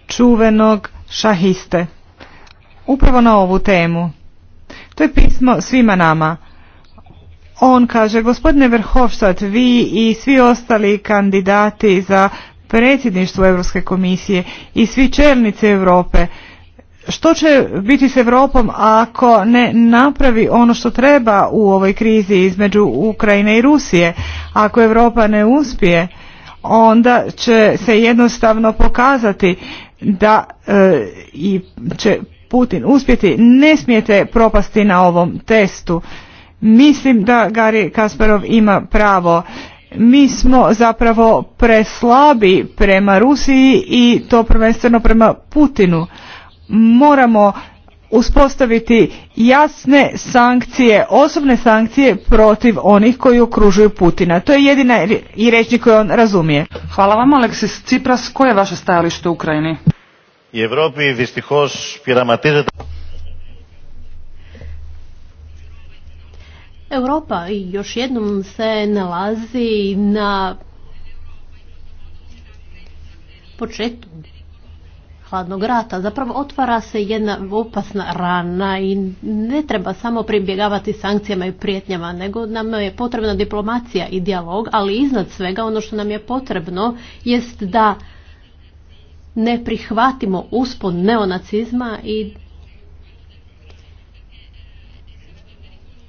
čuvenog šahiste upravo na ovu temu. To je pismo svima nama. On kaže, gospodine Verhofstadt, vi i svi ostali kandidati za predsjedništvo Europske komisije i svi čelnici Europe, što će biti s Europom ako ne napravi ono što treba u ovoj krizi između Ukrajine i Rusije? Ako Europa ne uspije, onda će se jednostavno pokazati da e, i će Putin uspjeti. Ne smijete propasti na ovom testu. Mislim da Gari Kasparov ima pravo. Mi smo zapravo preslabi prema Rusiji i to prvenstveno prema Putinu. Moramo uspostaviti jasne sankcije, osobne sankcije protiv onih koji okružuju Putina. To je jedina i reći koju on razumije. Hvala vam Aleksis Cipras, koje je vaše stajalište u Ukrajini? Η Ευρώπη δυστυχώς πειραματίζεται... Europa još jednom se nalazi na početku hladnog rata. Zapravo otvara se jedna opasna rana i ne treba samo pribjegavati sankcijama i prijetnjama, nego nam je potrebna diplomacija i dijalog, ali iznad svega ono što nam je potrebno jest da ne prihvatimo uspon neonacizma i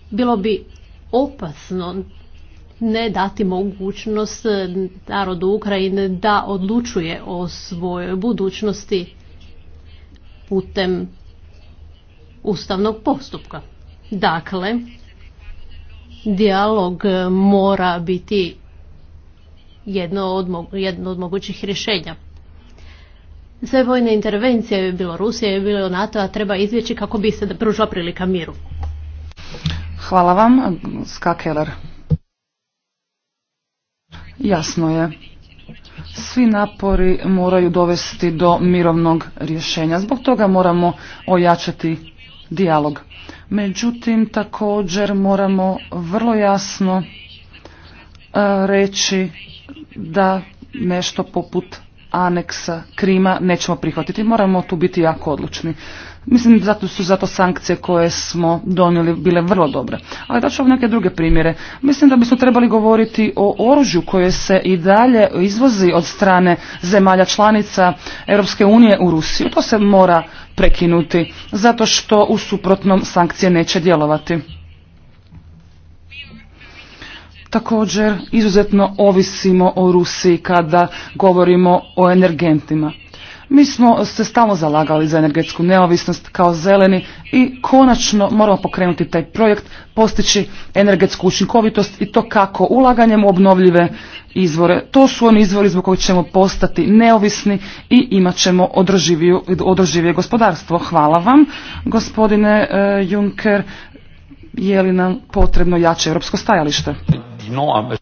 bilo bi opasno ne dati mogućnost narodu Ukrajine da odlučuje o svojoj budućnosti putem ustavnog postupka. Dakle, dijalog mora biti jedno od, jedno od mogućih rješenja sve vojne intervencije, bilo Rusije, bilo NATO-a, treba izvjeći kako bi se pružila prilika miru. Hvala vam, Ska Keller. Jasno je. Svi napori moraju dovesti do mirovnog rješenja. Zbog toga moramo ojačati dijalog. Međutim, također moramo vrlo jasno e, reći da nešto poput aneksa Krima nećemo prihvatiti. Moramo tu biti jako odlučni. Mislim zato su zato sankcije koje smo donijeli bile vrlo dobre. Ali da ću vam neke druge primjere. Mislim da bismo trebali govoriti o oružju koje se i dalje izvozi od strane zemalja članica Europske unije u Rusiju. To se mora prekinuti zato što u suprotnom sankcije neće djelovati. Također, izuzetno ovisimo o Rusiji kada govorimo o energentima. Mi smo se stalno zalagali za energetsku neovisnost kao zeleni i konačno moramo pokrenuti taj projekt, postići energetsku učinkovitost i to kako ulaganjem u obnovljive izvore. To su oni izvori zbog kojih ćemo postati neovisni i imat ćemo održivije gospodarstvo. Hvala vam, gospodine e, Juncker. Je li nam potrebno jače europsko stajalište? Euh,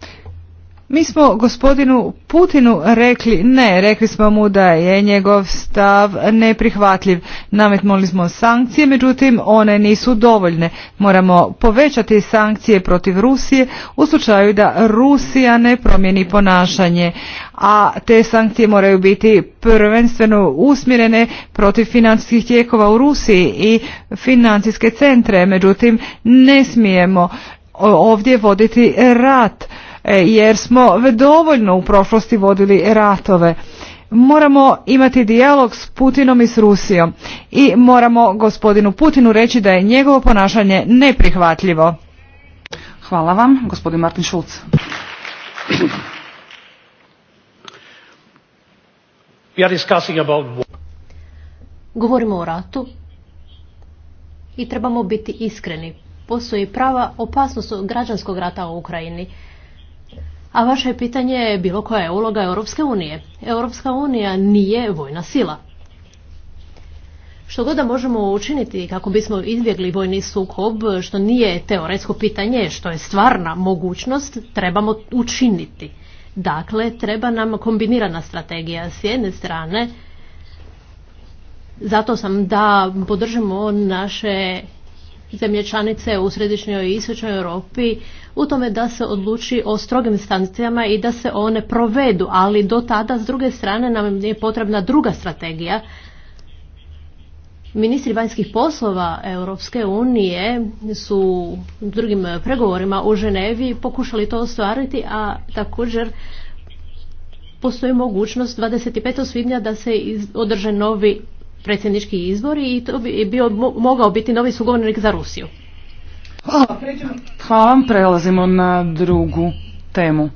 Mi smo gospodinu Putinu rekli ne, rekli smo mu da je njegov stav neprihvatljiv. Nametnuli smo sankcije, međutim one nisu dovoljne. Moramo povećati sankcije protiv Rusije u slučaju da Rusija ne promijeni ponašanje, a te sankcije moraju biti prvenstveno usmjerene protiv financijskih tijekova u Rusiji i financijske centre. Međutim, ne smijemo ovdje voditi rat e, jer smo dovoljno u prošlosti vodili ratove. Moramo imati dijalog s Putinom i s Rusijom i moramo gospodinu Putinu reći da je njegovo ponašanje neprihvatljivo. Hvala vam, gospodin Martin Šulc. Govorimo o ratu i trebamo biti iskreni postoji prava opasnost građanskog rata u Ukrajini. A vaše pitanje je bilo koja je uloga Europske unije. Europska unija nije vojna sila. Što god da možemo učiniti kako bismo izbjegli vojni sukob, što nije teoretsko pitanje, što je stvarna mogućnost, trebamo učiniti. Dakle, treba nam kombinirana strategija s jedne strane, zato sam da podržimo naše zemlje članice u središnjoj i istočnoj Europi u tome da se odluči o strogim sankcijama i da se one provedu, ali do tada s druge strane nam je potrebna druga strategija. Ministri vanjskih poslova Europske unije su drugim pregovorima u Ženevi pokušali to ostvariti, a također postoji mogućnost 25. svibnja da se održe novi predsjednički izbori i to bi bio, mogao biti novi sugovornik za Rusiju. Hvala, Hvala prelazimo na drugu temu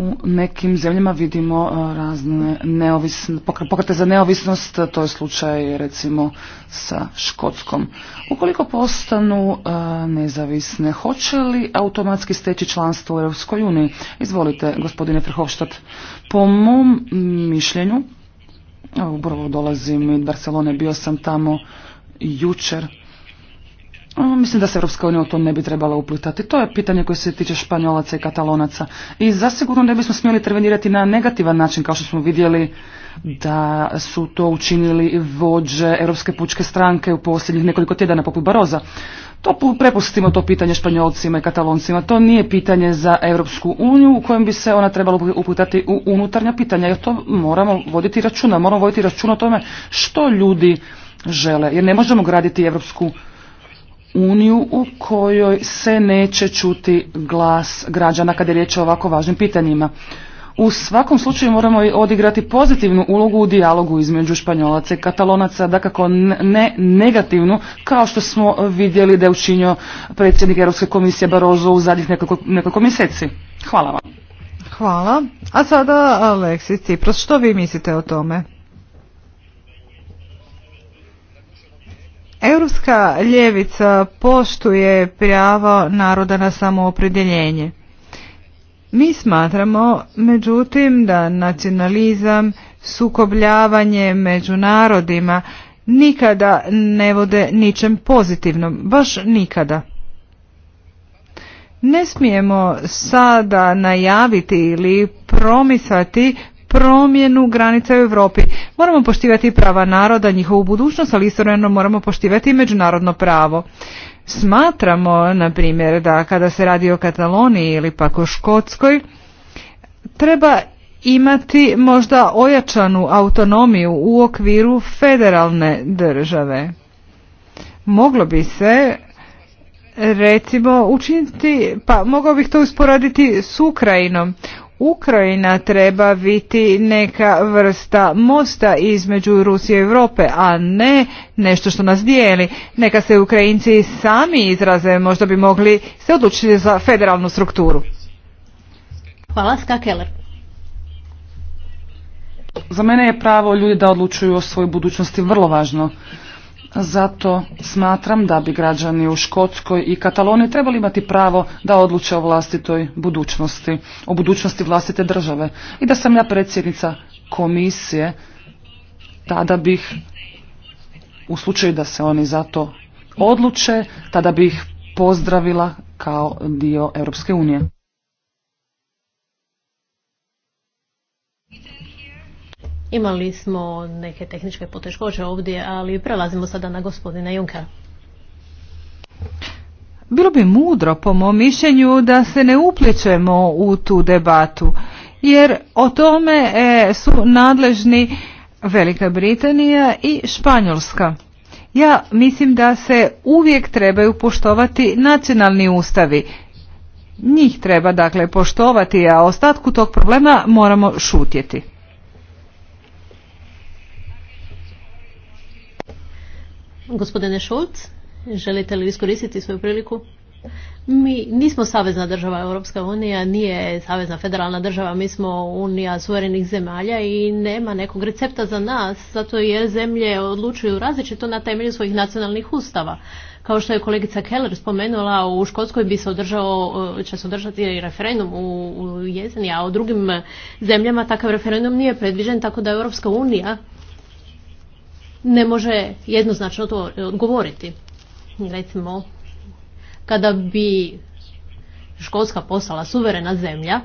u nekim zemljama vidimo e, razne neovisne, pokrate za neovisnost, to je slučaj recimo sa Škotskom. Ukoliko postanu e, nezavisne, hoće li automatski steći članstvo u Europskoj uniji? Izvolite, gospodine Frhovštat. Po mom mišljenju, upravo dolazim iz Barcelone, bio sam tamo jučer, Mislim da se Europska unija u to ne bi trebala uplitati. To je pitanje koje se tiče Španjolaca i Katalonaca. I zasigurno ne bismo smjeli intervenirati na negativan način kao što smo vidjeli da su to učinili vođe Europske pučke stranke u posljednjih nekoliko tjedana poput Baroza. To prepustimo to pitanje Španjolcima i Kataloncima. To nije pitanje za Europsku uniju u kojem bi se ona trebala uputati u unutarnja pitanja. Jer to moramo voditi računa. Moramo voditi računa o tome što ljudi žele. Jer ne možemo graditi Europsku uniju u kojoj se neće čuti glas građana kada je riječ o ovako važnim pitanjima. U svakom slučaju moramo odigrati pozitivnu ulogu u dijalogu između Španjolaca i Katalonaca, dakako ne negativnu, kao što smo vidjeli da je učinio predsjednik Europske komisije Barozo u zadnjih nekoliko, mjeseci. Hvala vam. Hvala. A sada Aleksis Cipros, što vi mislite o tome? Europska ljevica poštuje pravo naroda na samoopredjeljenje. Mi smatramo, međutim, da nacionalizam, sukobljavanje među narodima nikada ne vode ničem pozitivnom, baš nikada. Ne smijemo sada najaviti ili promisati promjenu granica u Europi. Moramo poštivati prava naroda, njihovu budućnost, ali istovremeno moramo poštivati i međunarodno pravo. Smatramo, na primjer, da kada se radi o Kataloniji ili pak o Škotskoj, treba imati možda ojačanu autonomiju u okviru federalne države. Moglo bi se recimo učiniti, pa mogao bih to usporediti s Ukrajinom. Ukrajina treba biti neka vrsta mosta između Rusije i Europe, a ne nešto što nas dijeli. Neka se Ukrajinci sami izraze, možda bi mogli se odlučiti za federalnu strukturu. Hvala, Ska Za mene je pravo ljudi da odlučuju o svojoj budućnosti vrlo važno. Zato smatram da bi građani u Škotskoj i Kataloniji trebali imati pravo da odluče o vlastitoj budućnosti, o budućnosti vlastite države. I da sam ja predsjednica komisije, tada bih, u slučaju da se oni za to odluče, tada bih pozdravila kao dio Europske unije. Imali smo neke tehničke poteškoće ovdje, ali prelazimo sada na gospodina Junka. Bilo bi mudro po mom mišljenju da se ne upličemo u tu debatu, jer o tome e, su nadležni Velika Britanija i Španjolska. Ja mislim da se uvijek trebaju poštovati nacionalni ustavi. Njih treba dakle poštovati, a ostatku tog problema moramo šutjeti. Gospodine Šulc, želite li iskoristiti svoju priliku? Mi nismo savezna država Europska unija, nije savezna federalna država, mi smo unija suverenih zemalja i nema nekog recepta za nas, zato jer zemlje odlučuju različito na temelju svojih nacionalnih ustava. Kao što je kolegica Keller spomenula, u Škotskoj bi se održao, će se održati referendum u, u a u drugim zemljama takav referendum nije predviđen, tako da Europska unija ne može jednoznačno to odgovoriti. Recimo, kada bi školska postala suverena zemlja,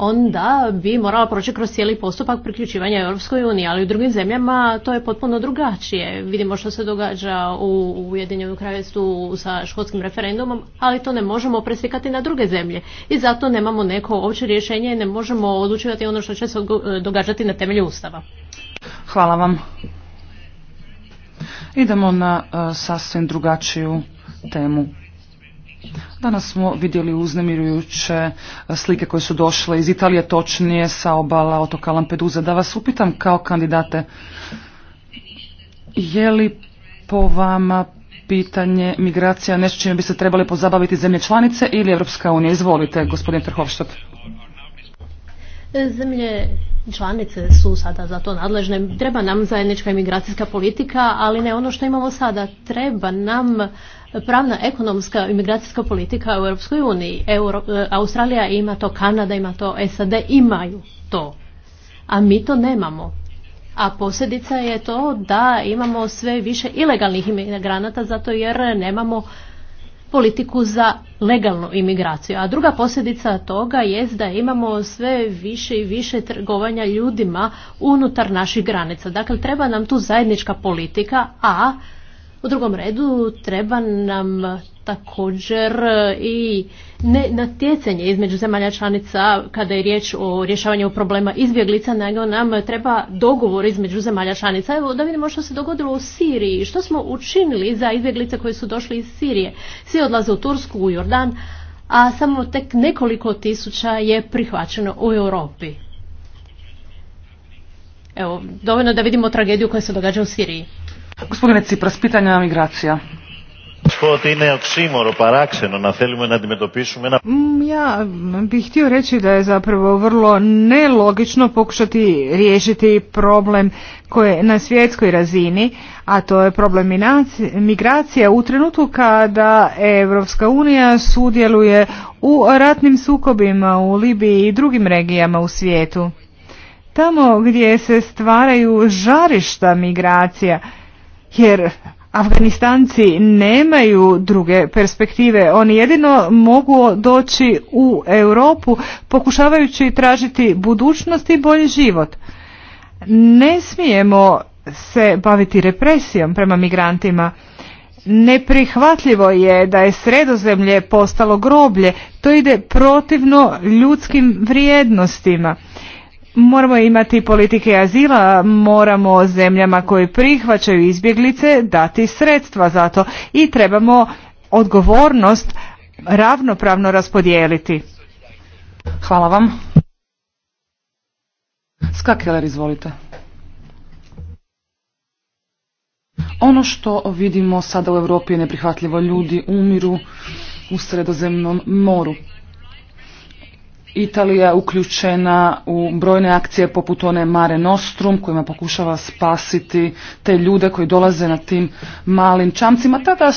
onda bi morala proći kroz cijeli postupak priključivanja Europskoj uniji, ali u drugim zemljama to je potpuno drugačije. Vidimo što se događa u Ujedinjenom kraljevstvu sa škotskim referendumom, ali to ne možemo preslikati na druge zemlje. I zato nemamo neko opće rješenje i ne možemo odlučivati ono što će se događati na temelju Ustava. Hvala vam. Idemo na e, sasvim drugačiju temu. Danas smo vidjeli uznemirujuće e, slike koje su došle iz Italije, točnije sa obala otoka Lampedusa. Da vas upitam kao kandidate, je li po vama pitanje migracija nešto čime bi se trebali pozabaviti zemlje članice ili Europska unija? Izvolite, gospodin Trhovštat. Zemlje članice su sada za to nadležne. Treba nam zajednička imigracijska politika, ali ne ono što imamo sada. Treba nam pravna ekonomska imigracijska politika u Europskoj uniji. Euro, e, Australija ima to, Kanada ima to, SAD imaju to. A mi to nemamo. A posljedica je to da imamo sve više ilegalnih imigranata zato jer nemamo politiku za legalnu imigraciju. A druga posljedica toga jest da imamo sve više i više trgovanja ljudima unutar naših granica. Dakle, treba nam tu zajednička politika, a u drugom redu treba nam također e, i ne natjecanje između zemalja članica kada je riječ o rješavanju problema izbjeglica, nego nam treba dogovor između zemalja članica. Evo da vidimo što se dogodilo u Siriji, što smo učinili za izbjeglice koji su došli iz Sirije. Svi odlaze u Tursku, u Jordan, a samo tek nekoliko tisuća je prihvaćeno u Europi. Evo, dovoljno da vidimo tragediju koja se događa u Siriji. Gospodine Cipras, migracija. Ja bih htio reći da je zapravo vrlo nelogično pokušati riješiti problem koje na svjetskoj razini, a to je problem migracija u trenutku kada Evropska unija sudjeluje u ratnim sukobima u Libiji i drugim regijama u svijetu. Tamo gdje se stvaraju žarišta migracija, jer Afganistanci nemaju druge perspektive. Oni jedino mogu doći u Europu pokušavajući tražiti budućnost i bolji život. Ne smijemo se baviti represijom prema migrantima. Neprihvatljivo je da je sredozemlje postalo groblje. To ide protivno ljudskim vrijednostima. Moramo imati politike azila, moramo zemljama koje prihvaćaju izbjeglice dati sredstva za to i trebamo odgovornost ravnopravno raspodijeliti. Hvala vam. Skakeler, izvolite. Ono što vidimo sada u Europi je neprihvatljivo. Ljudi umiru u sredozemnom moru. Italija uključena u brojne akcije poput one Mare Nostrum kojima pokušava spasiti te ljude koji dolaze na tim malim čamcima. Tada,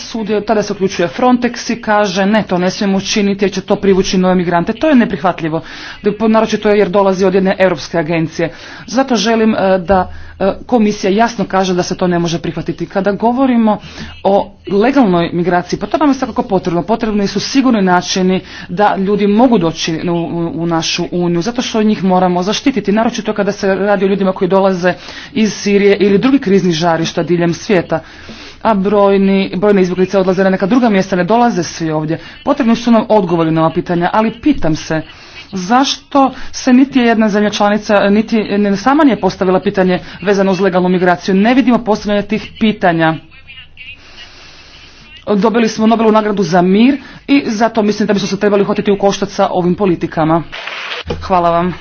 tada se uključuje Frontex i kaže ne, to ne smijemo učiniti jer će to privući nove migrante. To je neprihvatljivo, naročito jer dolazi od jedne europske agencije. Zato želim e, da e, komisija jasno kaže da se to ne može prihvatiti. Kada govorimo o legalnoj migraciji, pa to nam je svakako potrebno. Potrebni su sigurni načini da ljudi mogu doći u u našu uniju, zato što njih moramo zaštititi, naročito kada se radi o ljudima koji dolaze iz Sirije ili drugih kriznih žarišta diljem svijeta a brojni, brojne izbjeglice odlaze na neka druga mjesta, ne dolaze svi ovdje. Potrebni su nam odgovori na ova pitanja, ali pitam se, zašto se niti jedna zemlja članica, niti sama nije postavila pitanje vezano uz legalnu migraciju? Ne vidimo postavljanje tih pitanja. Dobili smo Nobelu nagradu za mir i zato mislim da bismo se trebali hoteti u koštac sa ovim politikama. Hvala vam.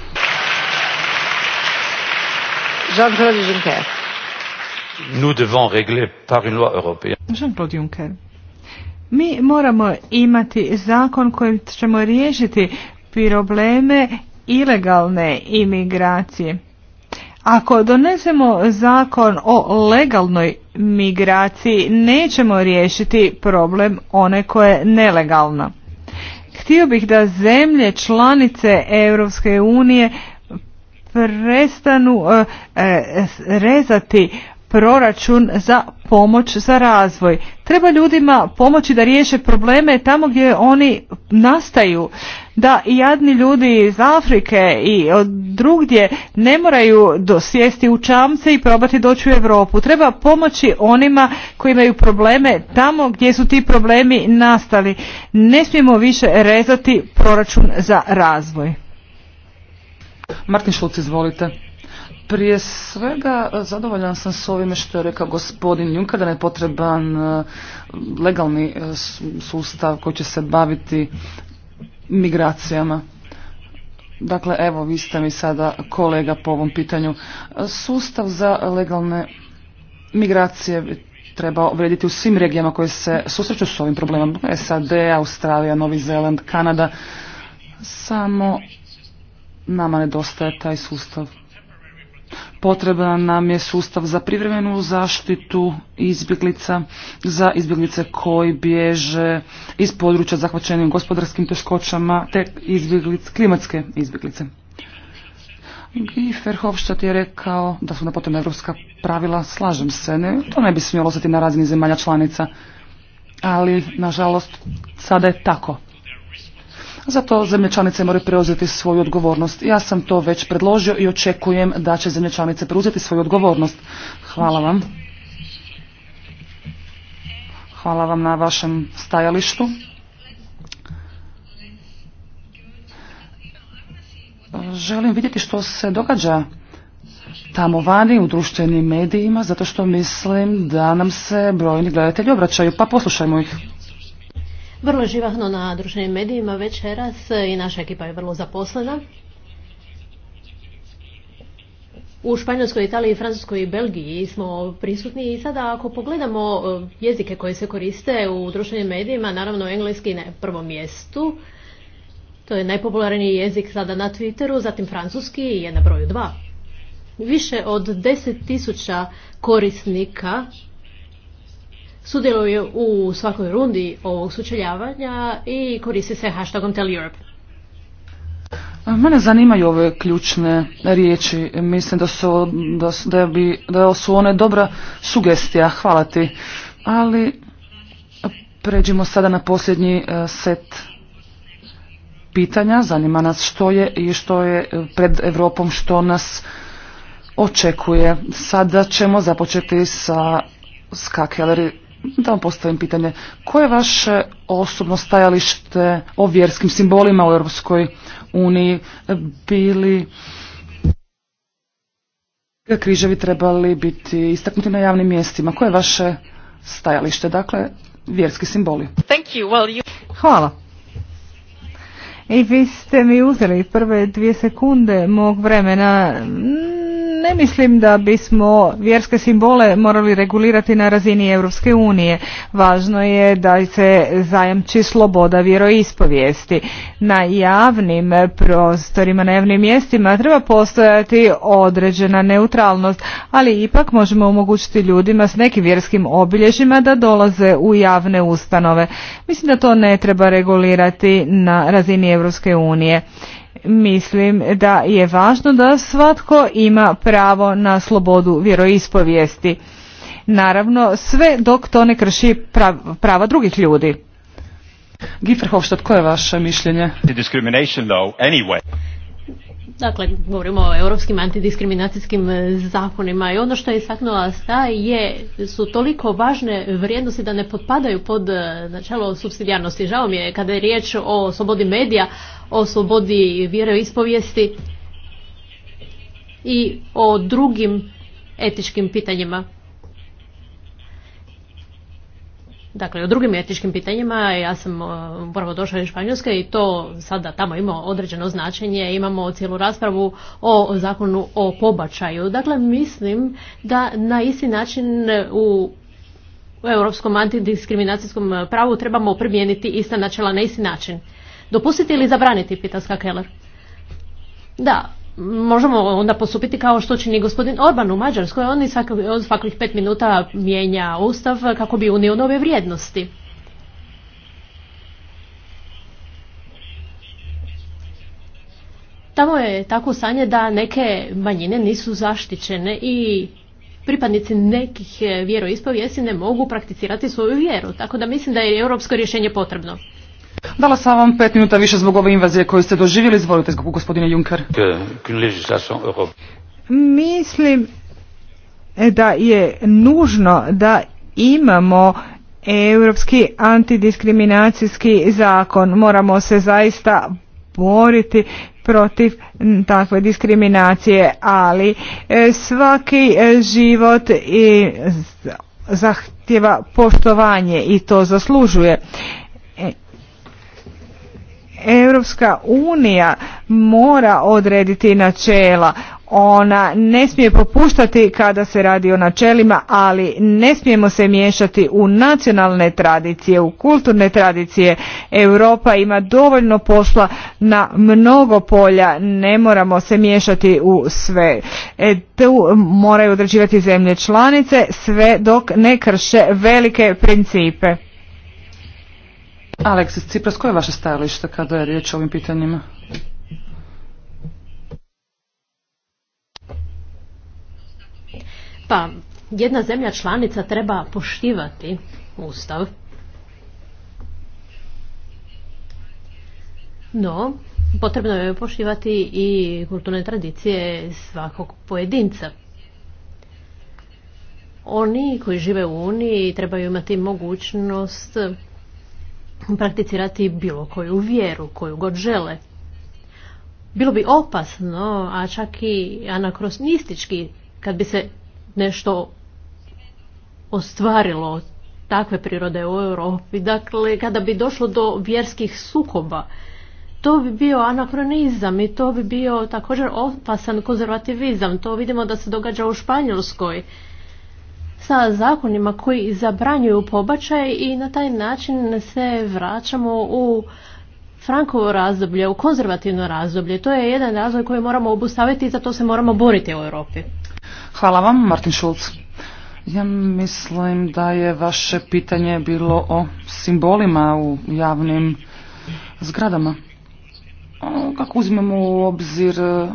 Jean-Claude Juncker. Jean-Claude Juncker. Mi moramo imati zakon kojim ćemo riješiti probleme ilegalne imigracije. Ako donesemo zakon o legalnoj migraciji, nećemo riješiti problem one koje je nelegalna. Htio bih da zemlje članice Europske unije prestanu e, e, rezati proračun za pomoć za razvoj. Treba ljudima pomoći da riješe probleme tamo gdje oni nastaju. Da i jadni ljudi iz Afrike i od drugdje ne moraju dosjesti u čamce i probati doći u Europu. Treba pomoći onima koji imaju probleme tamo gdje su ti problemi nastali. Ne smijemo više rezati proračun za razvoj. Martin Šulc, izvolite. Prije svega zadovoljan sam s ovime što je rekao gospodin Juncker da ne je potreban e, legalni e, sustav koji će se baviti migracijama. Dakle, evo, vi ste mi sada kolega po ovom pitanju. Sustav za legalne migracije treba vrediti u svim regijama koje se susreću s ovim problemom. SAD, Australija, Novi Zeland, Kanada. Samo nama nedostaje taj sustav. Potreban nam je sustav za privremenu zaštitu izbjeglica, za izbjeglice koji bježe iz područja zahvaćenim gospodarskim teškoćama te izbjeglic, klimatske izbjeglice. I Ferhovštad je rekao da su na potrebna evropska pravila, slažem se, ne, to ne bi smjelo ostati na razini zemalja članica, ali nažalost sada je tako. Zato zemlječanice moraju preuzeti svoju odgovornost. Ja sam to već predložio i očekujem da će zemlječanice preuzeti svoju odgovornost. Hvala vam. Hvala vam na vašem stajalištu. Želim vidjeti što se događa tamo vani u društvenim medijima, zato što mislim da nam se brojni gledatelji obraćaju, pa poslušajmo ih vrlo živahno na društvenim medijima večeras i naša ekipa je vrlo zaposlena. U Španjolskoj, Italiji, Francuskoj i Belgiji smo prisutni i sada ako pogledamo e, jezike koje se koriste u društvenim medijima, naravno engleski na prvom mjestu, to je najpopularniji jezik sada na Twitteru, zatim francuski je na broju dva. Više od deset tisuća korisnika sudjeluje u svakoj rundi ovog sučeljavanja i koristi se hashtagom Tell Europe. Mene zanimaju ove ključne riječi. Mislim da su, da, bi, da su one dobra sugestija. Hvala ti. Ali pređimo sada na posljednji e, set pitanja. Zanima nas što je i što je e, pred Europom, što nas očekuje. Sada ćemo započeti sa Skakeleri da vam postavim pitanje. Koje je vaše osobno stajalište o vjerskim simbolima u Europskoj uniji? Bili križevi trebali biti istaknuti na javnim mjestima? Koje je vaše stajalište? Dakle, vjerski simboli. Hvala. I vi ste mi uzeli prve dvije sekunde mog vremena ne mislim da bismo vjerske simbole morali regulirati na razini Europske unije. Važno je da se zajamči sloboda vjeroispovijesti. Na javnim prostorima, na javnim mjestima treba postojati određena neutralnost, ali ipak možemo omogućiti ljudima s nekim vjerskim obilježjima da dolaze u javne ustanove. Mislim da to ne treba regulirati na razini Europske unije mislim da je važno da svatko ima pravo na slobodu vjeroispovijesti. Naravno, sve dok to ne krši prava drugih ljudi. Gifer koje je vaše mišljenje? Dakle, govorimo o europskim antidiskriminacijskim e, zakonima i ono što je istaknula sta je, su toliko važne vrijednosti da ne potpadaju pod e, načelo subsidijarnosti. Žao mi je kada je riječ o slobodi medija, o slobodi vjeroispovijesti i o drugim etičkim pitanjima. Dakle, o drugim etičkim pitanjima, ja sam e, upravo došla iz Španjolske i to sada tamo ima određeno značenje, imamo cijelu raspravu o zakonu o pobačaju. Dakle, mislim da na isti način u europskom antidiskriminacijskom pravu trebamo primijeniti ista načela na isti način. Dopustiti ili zabraniti, pita Ska Keller. Da, možemo onda postupiti kao što čini gospodin Orban u Mađarskoj. On svakih pet minuta mijenja ustav kako bi unio nove vrijednosti. Tamo je tako sanje da neke manjine nisu zaštićene i pripadnici nekih vjeroispovijesti ne mogu prakticirati svoju vjeru. Tako da mislim da je europsko rješenje potrebno. Dala sam vam pet minuta više zbog ove invazije koju ste doživjeli. Izvolite, gospodine Juncker. Mislim e, da je nužno da imamo europski antidiskriminacijski zakon. Moramo se zaista boriti protiv takve diskriminacije, ali e, svaki e, život i zahtjeva poštovanje i to zaslužuje. Europska unija mora odrediti načela. Ona ne smije popuštati kada se radi o načelima, ali ne smijemo se miješati u nacionalne tradicije, u kulturne tradicije. Europa ima dovoljno posla na mnogo polja, ne moramo se miješati u sve. E, tu moraju određivati zemlje članice sve dok ne krše velike principe. Aleksis Cipras, koje je vaše stajalište kada je riječ o ovim pitanjima? Pa, jedna zemlja članica treba poštivati ustav. No, potrebno je poštivati i kulturne tradicije svakog pojedinca. Oni koji žive u Uniji trebaju imati mogućnost prakticirati bilo koju vjeru, koju god žele. Bilo bi opasno, a čak i anakrosnistički, kad bi se nešto ostvarilo takve prirode u Europi, dakle, kada bi došlo do vjerskih sukoba, to bi bio anakronizam i to bi bio također opasan konzervativizam. To vidimo da se događa u Španjolskoj sa zakonima koji zabranjuju pobačaj i na taj način se vraćamo u Frankovo razdoblje, u konzervativno razdoblje. To je jedan razvoj koji moramo obustaviti i za to se moramo boriti u Europi. Hvala vam, Martin Schulz. Ja mislim da je vaše pitanje bilo o simbolima u javnim zgradama. Kako uzmemo u obzir e,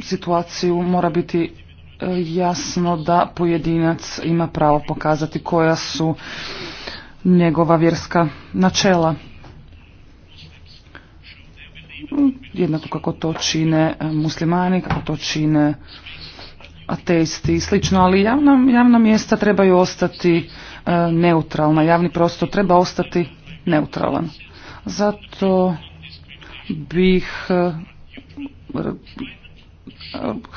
situaciju mora biti jasno da pojedinac ima pravo pokazati koja su njegova vjerska načela. Jednako kako to čine e, muslimani, kako to čine ateisti i slično, ali javna, javna mjesta trebaju ostati e, neutralna, javni prostor treba ostati neutralan. Zato bih e,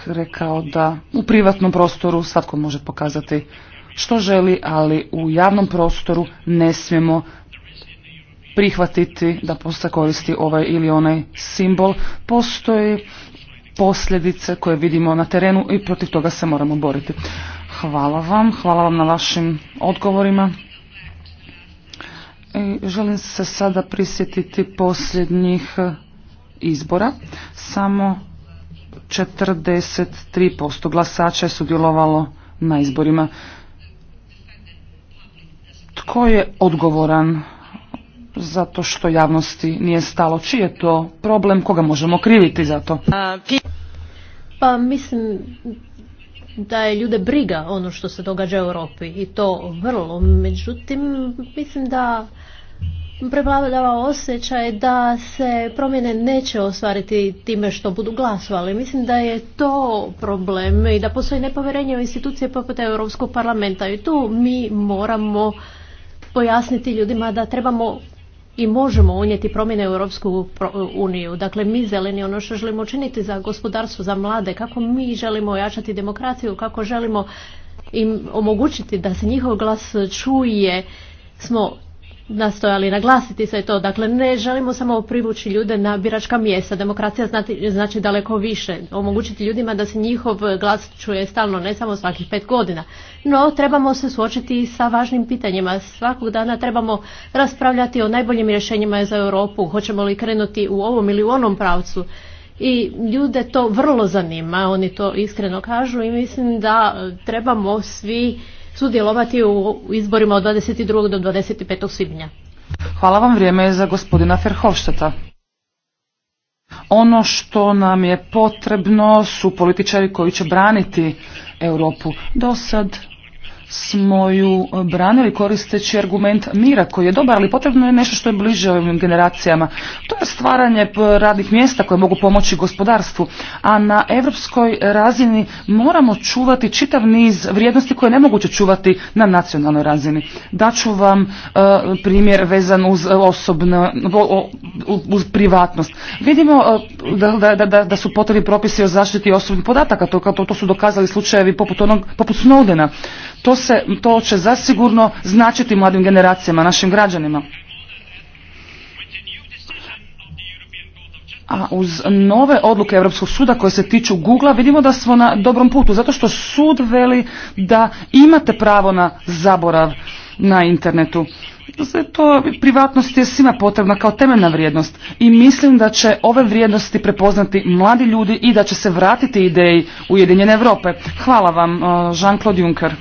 rekao da u privatnom prostoru svatko može pokazati što želi, ali u javnom prostoru ne smijemo prihvatiti da se koristi ovaj ili onaj simbol. Postoje posljedice koje vidimo na terenu i protiv toga se moramo boriti. Hvala vam, hvala vam na vašim odgovorima. želim se sada prisjetiti posljednjih izbora. Samo 43% glasača je sudjelovalo na izborima. Tko je odgovoran za to što javnosti nije stalo? Čiji je to problem? Koga možemo kriviti za to? Pa mislim da je ljude briga ono što se događa u Europi i to vrlo. Međutim, mislim da prevladava osjećaj da se promjene neće ostvariti time što budu glasovali. Mislim da je to problem i da postoji nepovjerenje u institucije poput Europskog parlamenta i tu mi moramo pojasniti ljudima da trebamo i možemo unijeti promjene u Europsku uniju. Dakle, mi zeleni ono što želimo učiniti za gospodarstvo, za mlade, kako mi želimo ojačati demokraciju, kako želimo im omogućiti da se njihov glas čuje, smo nastojali naglasiti sve to. Dakle, ne želimo samo privući ljude na biračka mjesta. Demokracija znači, daleko više. Omogućiti ljudima da se njihov glas čuje stalno, ne samo svakih pet godina. No, trebamo se suočiti sa važnim pitanjima. Svakog dana trebamo raspravljati o najboljim rješenjima za Europu. Hoćemo li krenuti u ovom ili u onom pravcu. I ljude to vrlo zanima, oni to iskreno kažu i mislim da trebamo svi sudjelovati u izborima od 22. do 25. svibnja. Hvala vam, vrijeme za gospodina Ferhovštata. Ono što nam je potrebno su političari koji će braniti Europu. Do sad smo ju e, branili koristeći argument mira koji je dobar, ali potrebno je nešto što je bliže ovim generacijama. To je stvaranje radnih mjesta koje mogu pomoći gospodarstvu, a na europskoj razini moramo čuvati čitav niz vrijednosti koje ne moguće čuvati na nacionalnoj razini. Daću vam e, primjer vezan uz osobno, uz privatnost. Vidimo e, da, su potrebni propisi o zaštiti osobnih podataka, to, to su dokazali slučajevi poput, onog, poput Snowdena. To se, to će zasigurno značiti mladim generacijama, našim građanima. A uz nove odluke Europskog suda koje se tiču Google-a vidimo da smo na dobrom putu, zato što sud veli da imate pravo na zaborav na internetu. Zato privatnost je svima potrebna kao temeljna vrijednost i mislim da će ove vrijednosti prepoznati mladi ljudi i da će se vratiti ideji Ujedinjene Europe. Hvala vam, eh, Jean-Claude Juncker.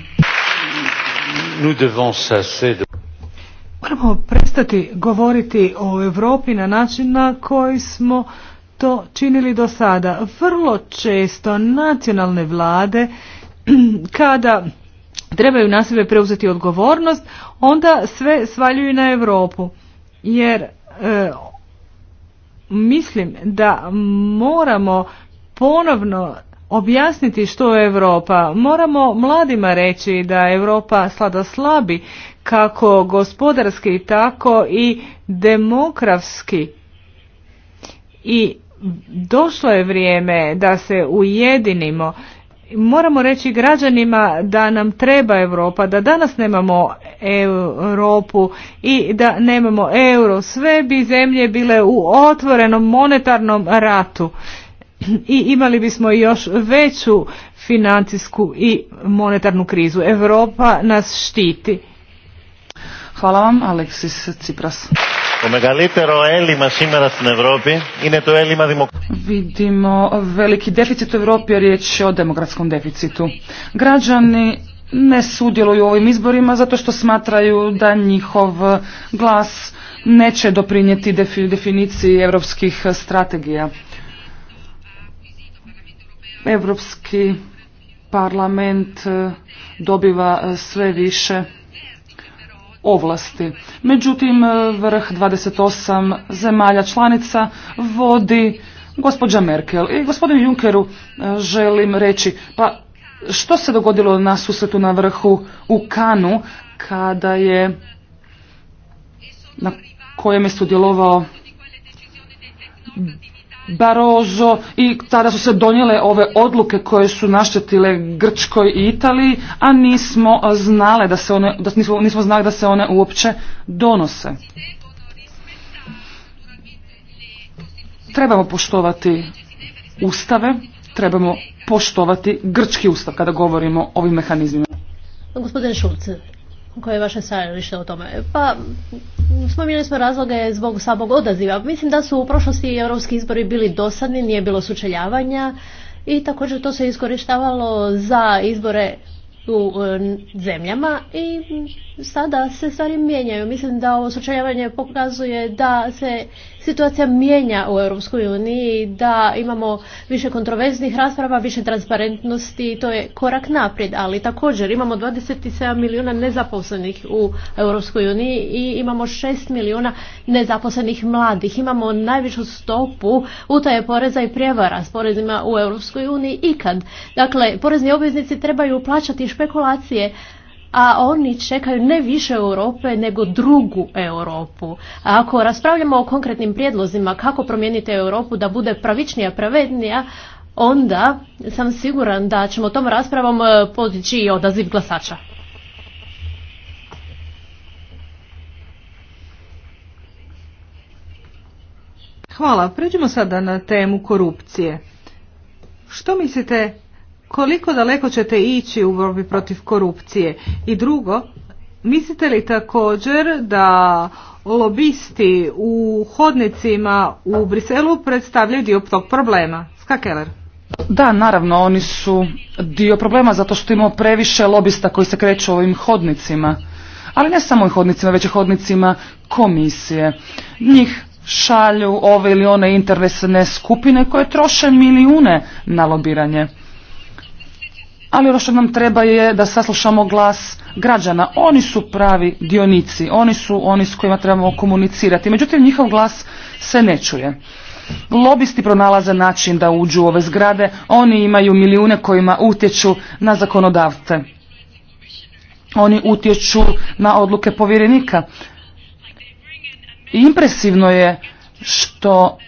Moramo prestati govoriti o Europi na način na koji smo to činili do sada. Vrlo često nacionalne vlade *clears throat* kada trebaju na sebe preuzeti odgovornost, onda sve svaljuju na Europu. Jer e, mislim da moramo ponovno objasniti što je Europa. Moramo mladima reći da Europa slada slabi kako gospodarski tako i demografski. I došlo je vrijeme da se ujedinimo. Moramo reći građanima da nam treba Europa, da danas nemamo Europu i da nemamo euro. Sve bi zemlje bile u otvorenom monetarnom ratu i imali bismo još veću financijsku i monetarnu krizu. Europa nas štiti. Hvala vam, Aleksis Cipras. Το μεγαλύτερο έλλειμμα σήμερα Vidimo veliki deficit u Europi, je riječ o demografskom deficitu. Građani ne sudjeluju u ovim izborima zato što smatraju da njihov glas neće doprinijeti definiciji europskih strategija. Europski parlament e, dobiva e, sve više ovlasti. Međutim, e, vrh 28 zemalja članica vodi gospođa Merkel. I gospodinu Junckeru želim reći, pa što se dogodilo na susretu na vrhu u Kanu kada je na kojem je sudjelovao Barozo i tada su se donijele ove odluke koje su naštetile Grčkoj i Italiji, a nismo e, znale da se one, da nismo znali da se one uopće donose. Trebamo poštovati ustave, trebamo poštovati grčki ustav kada govorimo o ovim mehanizmima. Gospodine Šulce, koje je vaše stajalište o tome? Pa, spominjali smo razloge zbog samog odaziva. Mislim da su u prošlosti europski izbori bili dosadni, nije bilo sučeljavanja i također to se iskorištavalo za izbore u e, zemljama i sada se stvari mijenjaju. Mislim da ovo sučajavanje pokazuje da se situacija mijenja u Europskoj uniji, da imamo više kontroverznih rasprava, više transparentnosti i to je korak naprijed, ali također imamo 27 milijuna nezaposlenih u Europskoj uniji i imamo 6 milijuna nezaposlenih mladih. Imamo najvišu stopu utaje poreza i prijevara s porezima u Europskoj uniji ikad. Dakle, porezni obveznici trebaju plaćati špekulacije a oni čekaju ne više Europe nego drugu Europu. A ako raspravljamo o konkretnim prijedlozima kako promijeniti Europu da bude pravičnija, pravednija, onda sam siguran da ćemo tom raspravom e, podići i odaziv glasača. Hvala. Pređimo sada na temu korupcije. Što mislite koliko daleko ćete ići u borbi protiv korupcije? I drugo, mislite li također da lobisti u hodnicima u Briselu predstavljaju dio tog problema? Skakeler. Da, naravno, oni su dio problema zato što imamo previše lobista koji se kreću ovim hodnicima. Ali ne samo i hodnicima, već i hodnicima komisije. Njih šalju ove ili one interesne skupine koje troše milijune na lobiranje ali ono što nam treba je da saslušamo glas građana. Oni su pravi dionici, oni su oni s kojima trebamo komunicirati. Međutim, njihov glas se ne čuje. Lobisti pronalaze način da uđu u ove zgrade, oni imaju milijune kojima utječu na zakonodavce. Oni utječu na odluke povjerenika. impresivno je što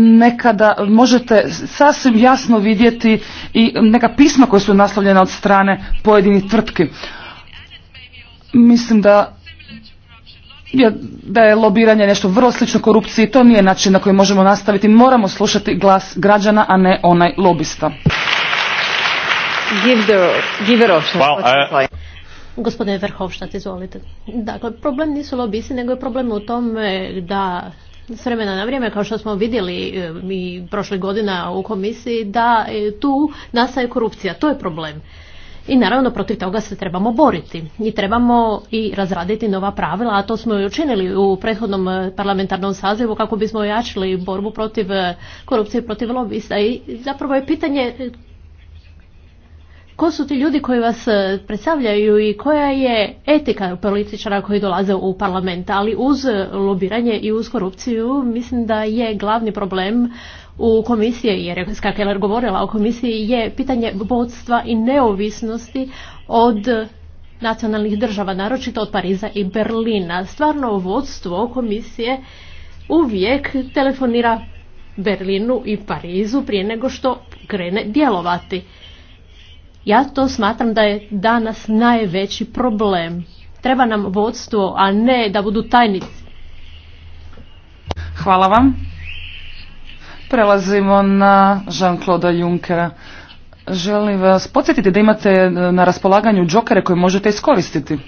nekada možete sasvim jasno vidjeti i neka pisma koja su naslovljena od strane pojedinih tvrtki. Mislim da je, da je lobiranje nešto vrlo slično korupciji, to nije način na koji možemo nastaviti. Moramo slušati glas građana, a ne onaj lobista. E, Gospodine izvolite. Dakle, problem nisu lobisti, nego je problem u tome da s vremena na vrijeme, kao što smo vidjeli e, mi prošle godina u komisiji, da e, tu nastaje korupcija. To je problem. I naravno protiv toga se trebamo boriti i trebamo i razraditi nova pravila, a to smo i učinili u prethodnom e, parlamentarnom sazivu kako bismo ojačili borbu protiv korupcije, protiv lobista i zapravo je pitanje ko su ti ljudi koji vas e, predstavljaju i koja je etika političara koji dolaze u parlament, ali uz lobiranje i uz korupciju mislim da je glavni problem u komisiji, jer je Skakeler govorila o komisiji, je pitanje vodstva i neovisnosti od nacionalnih država, naročito od Pariza i Berlina. Stvarno vodstvo komisije uvijek telefonira Berlinu i Parizu prije nego što krene djelovati. Ja to smatram da je danas najveći problem. Treba nam vodstvo, a ne da budu tajnici. Hvala vam. Prelazimo na Jean-Claude Junckera. Želim vas podsjetiti da imate e, na raspolaganju džokere koje možete iskoristiti.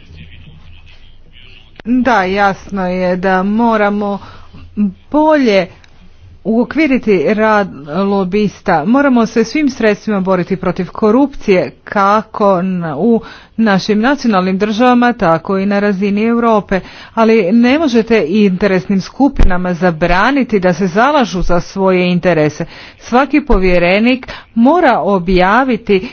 Da, jasno je da moramo bolje uokviriti rad lobista. Moramo se svim sredstvima boriti protiv korupcije kako u našim nacionalnim državama, tako i na razini Europe. Ali ne možete i interesnim skupinama zabraniti da se zalažu za svoje interese. Svaki povjerenik mora objaviti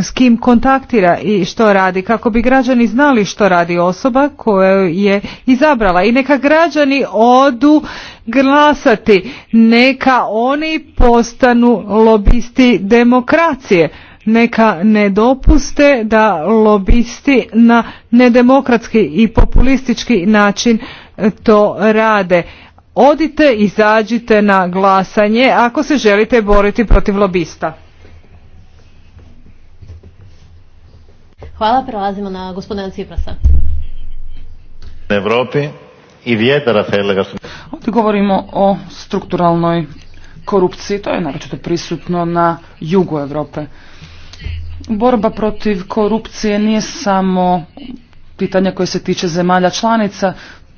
s kim kontaktira i što radi kako bi građani znali što radi osoba koju je izabrala i neka građani odu glasati neka oni postanu lobisti demokracije neka ne dopuste da lobisti na nedemokratski i populistički način e, to rade odite izađite na glasanje ako se želite boriti protiv lobista Hvala, prelazimo na gospodina Ciprasa. Evropi i vjetara Ovdje govorimo o strukturalnoj korupciji, to je naročito prisutno na jugu Europe. Borba protiv korupcije nije samo pitanje koje se tiče zemalja članica,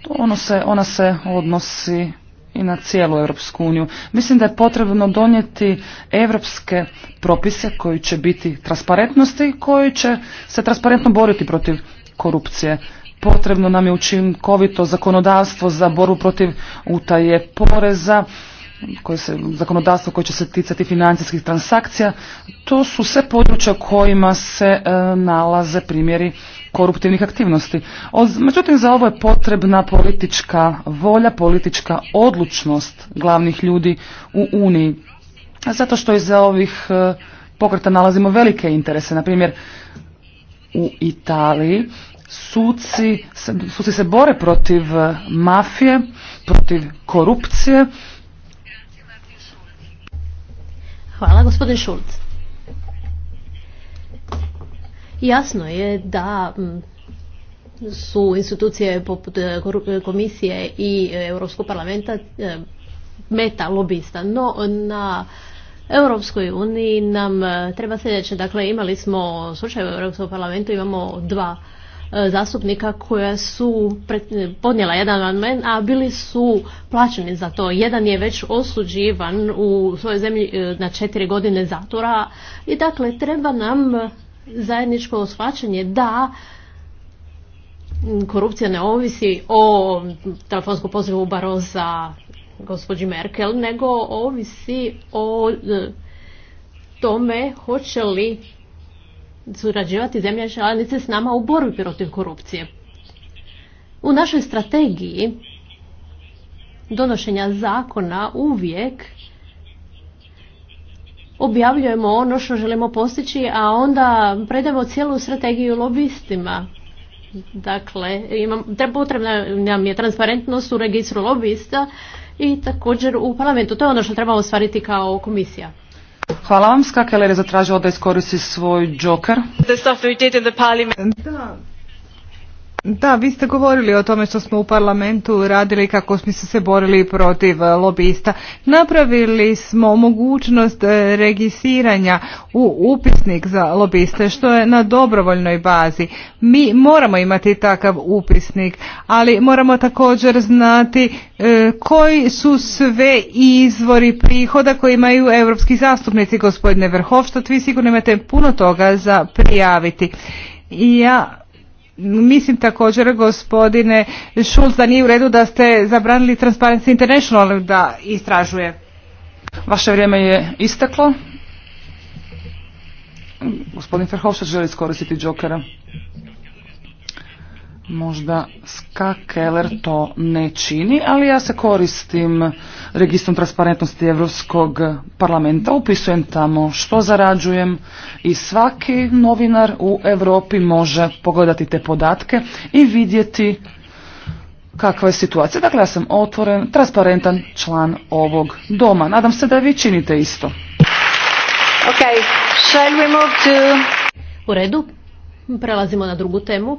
ono se, ona se odnosi i na cijelu Europsku uniju. Mislim da je potrebno donijeti europske propise koji će biti transparentnosti i koji će se transparentno boriti protiv korupcije. Potrebno nam je učinkovito zakonodavstvo za borbu protiv utaje poreza, koje se, zakonodavstvo koje će se ticati financijskih transakcija. To su sve područja kojima se e, nalaze primjeri koruptivnih aktivnosti. Međutim, za ovo je potrebna politička volja, politička odlučnost glavnih ljudi u Uniji. Zato što iza ovih e, pokreta nalazimo velike interese. Naprimjer, u Italiji suci, suci se bore protiv e, mafije, protiv korupcije. Hvala, gospodin Šulc. Jasno je da mm, su institucije poput e, e, komisije i e, Europskog parlamenta meta lobista, no na Europskoj uniji nam treba sljedeće. Dakle, imali smo slučaj u Europskom parlamentu, imamo dva zastupnika koja su podnijela jedan amandman, a bili su plaćeni za to. Jedan je već osuđivan u svojoj zemlji na četiri godine zatvora i dakle treba nam zajedničko shvaćanje da korupcija ne ovisi o telefonskom pozivu Baroza gospođi Merkel, nego ovisi o e, tome hoće li surađivati zemlje članice s nama u borbi protiv korupcije. U našoj strategiji donošenja zakona uvijek objavljujemo ono što želimo postići, a onda predamo cijelu strategiju lobistima. Dakle, imam, potrebna nam je transparentnost u registru lobista i također u parlamentu. To je ono što trebamo ostvariti kao komisija. Hvala vam. Skakeler je zatražila da iskoristi svoj džoker. Da, vi ste govorili o tome što smo u parlamentu radili, kako smo se borili protiv e, lobista. Napravili smo mogućnost e, registriranja u upisnik za lobiste, što je na dobrovoljnoj bazi. Mi moramo imati takav upisnik, ali moramo također znati e, koji su sve izvori prihoda koji imaju europski zastupnici, gospodine što Vi sigurno imate puno toga za prijaviti. Ja Mislim također, gospodine Šulc, da nije u redu da ste zabranili Transparency International da istražuje. Vaše vrijeme je isteklo. Gospodin Ferhovšar želi iskoristiti džokera. Možda Ska Keller to ne čini, ali ja se koristim registrom transparentnosti Europskog parlamenta, upisujem tamo što zarađujem i svaki novinar u Europi može pogledati te podatke i vidjeti kakva je situacija. Dakle, ja sam otvoren, transparentan član ovog doma. Nadam se da vi činite isto. Shall we move to... U redu, prelazimo na drugu temu.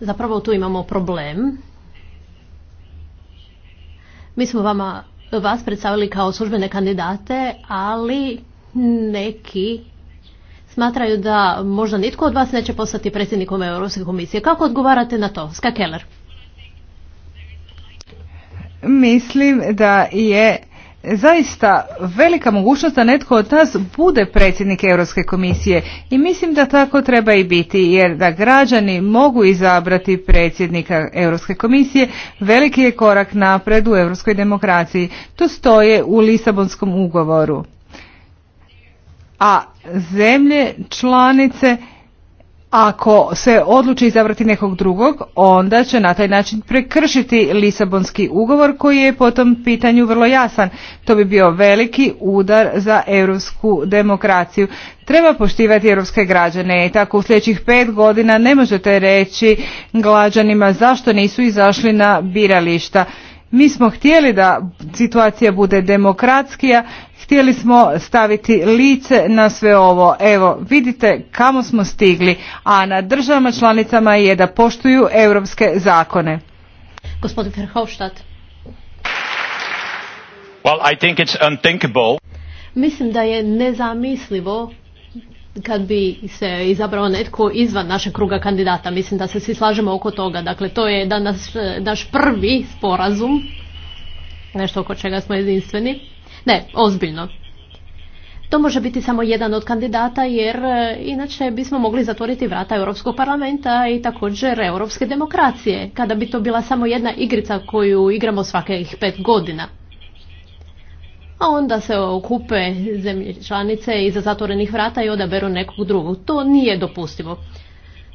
Zapravo tu imamo problem. Mi smo vama, vas predstavili kao službene kandidate, ali neki smatraju da možda nitko od vas neće postati predsjednikom Europske komisije. Kako odgovarate na to? Ska Keller. Mislim da je zaista velika mogućnost da netko od nas bude predsjednik Europske komisije i mislim da tako treba i biti jer da građani mogu izabrati predsjednika Europske komisije veliki je korak napred u europskoj demokraciji. To stoje u Lisabonskom ugovoru. A zemlje članice ako se odluči izabrati nekog drugog, onda će na taj način prekršiti Lisabonski ugovor koji je po tom pitanju vrlo jasan. To bi bio veliki udar za europsku demokraciju. Treba poštivati europske građane i tako u sljedećih pet godina ne možete reći građanima zašto nisu izašli na birališta. Mi smo htjeli da situacija bude demokratskija, Htjeli smo staviti lice na sve ovo. Evo, vidite kamo smo stigli, a na državama članicama je da poštuju europske zakone. Gospodin Verhofstadt. Well, I think it's unthinkable. Mislim da je nezamislivo kad bi se izabrao netko izvan našeg kruga kandidata. Mislim da se svi slažemo oko toga. Dakle, to je danas eh, naš prvi sporazum, nešto oko čega smo jedinstveni. Ne, ozbiljno. To može biti samo jedan od kandidata jer e, inače bismo mogli zatvoriti vrata Europskog parlamenta i također europske demokracije, kada bi to bila samo jedna igrica koju igramo svakih pet godina. A onda se okupe zemlje članice iza zatvorenih vrata i odaberu nekog drugog. To nije dopustivo.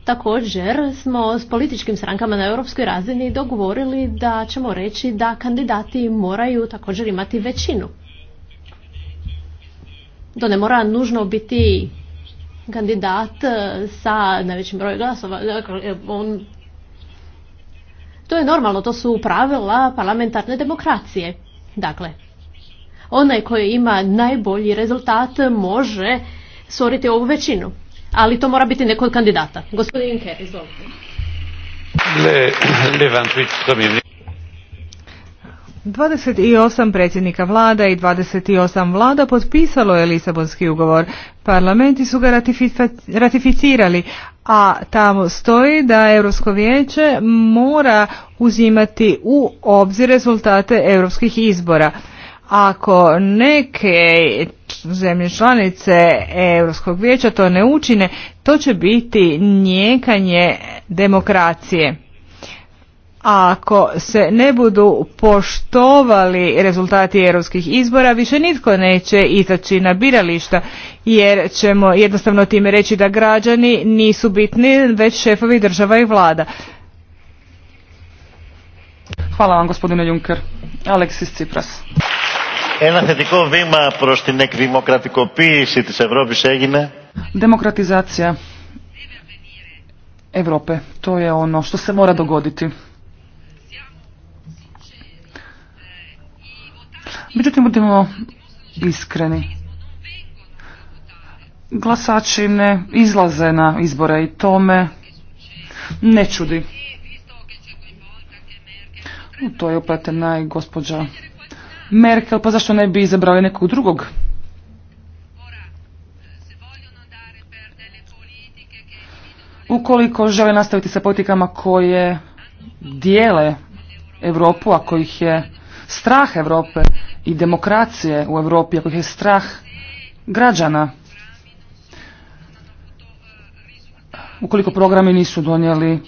Također smo s političkim strankama na europskoj razini dogovorili da ćemo reći da kandidati moraju također imati većinu to ne mora nužno biti kandidat e, sa najvećim brojem glasova. Dakle, e, to je normalno, to su pravila parlamentarne demokracije. Dakle, onaj koji ima najbolji rezultat može stvoriti ovu većinu. Ali to mora biti neko kandidata. Gospodin Le, le 28 predsjednika vlada i 28 vlada potpisalo je Lisabonski ugovor. Parlamenti su ga ratificirali, a tamo stoji da Europsko vijeće mora uzimati u obzir rezultate europskih izbora. Ako neke zemlje članice Europskog vijeća to ne učine, to će biti njekanje demokracije ako se ne budu poštovali rezultati europskih izbora, više nitko neće izaći na birališta, jer ćemo jednostavno time reći da građani nisu bitni, već šefovi država i vlada. Hvala vam gospodine Junker. Aleksis Cipras. Demokratizacija Europe, to je ono što se mora dogoditi. Međutim, budemo iskreni. Glasači ne izlaze na izbore i tome ne čudi. U to je upletena i gospođa Merkel, pa zašto ne bi izabrali nekog drugog? Ukoliko žele nastaviti sa politikama koje dijele Europu, a kojih je strah Europe, i demokracije u Europi, ako je strah građana. Ukoliko programi nisu donijeli e,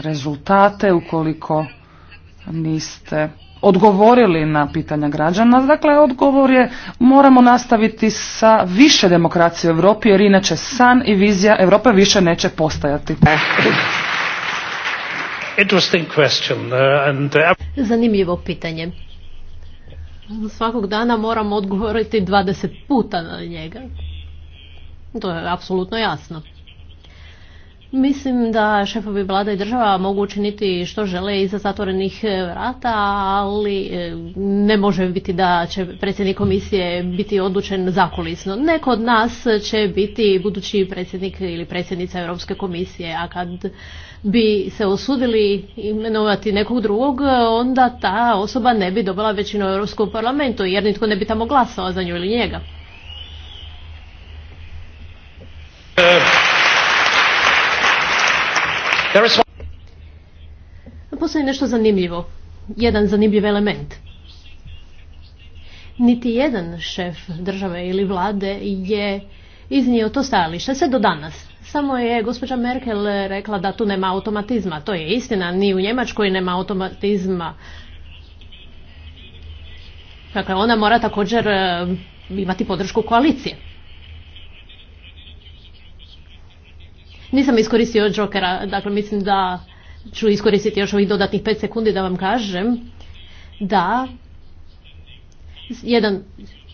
rezultate, ukoliko niste odgovorili na pitanja građana, dakle odgovor je moramo nastaviti sa više demokracije u Europi jer inače san i vizija Europe više neće postajati. Uh, uh, Zanimljivo pitanje svakog dana moram odgovoriti 20 puta na njega. To je apsolutno jasno. Mislim da šefovi vlada i država mogu učiniti što žele iza zatvorenih vrata, ali e, ne može biti da će predsjednik komisije biti odlučen zakulisno. Neko od nas će biti budući predsjednik ili predsjednica Europske komisije, a kad bi se osudili imenovati nekog drugog, onda ta osoba ne bi dobila većinu u Europskom parlamentu, jer nitko ne bi tamo glasao za nju ili njega. Postoji nešto zanimljivo, jedan zanimljiv element. Niti jedan šef države ili vlade je iznio to stajalište sve do danas. Samo je gospođa Merkel rekla da tu nema automatizma. To je istina, ni u Njemačkoj nema automatizma. Dakle, ona mora također e, imati podršku koalicije. Nisam iskoristio Jokera, dakle mislim da ću iskoristiti još ovih dodatnih pet sekundi da vam kažem da jedan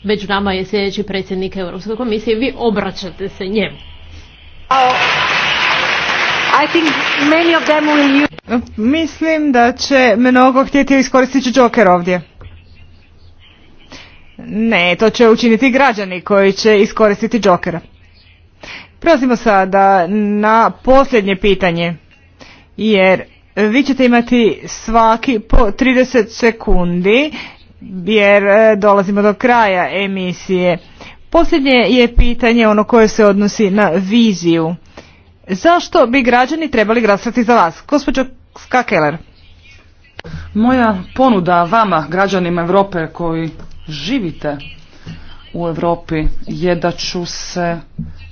među nama je sljedeći predsjednik Europske komisije, vi obraćate se njemu. Oh. I think Mislim da će mnogo htjeti iskoristiti Joker ovdje. Ne, to će učiniti građani koji će iskoristiti Jokera. Prelazimo sada na posljednje pitanje, jer vi ćete imati svaki po 30 sekundi, jer eh, dolazimo do kraja emisije. Posljednje je pitanje ono koje se odnosi na viziju. Zašto bi građani trebali glasati za vas? Gospođo Skakeler. Moja ponuda vama, građanima Europe koji živite u Europi je da ću se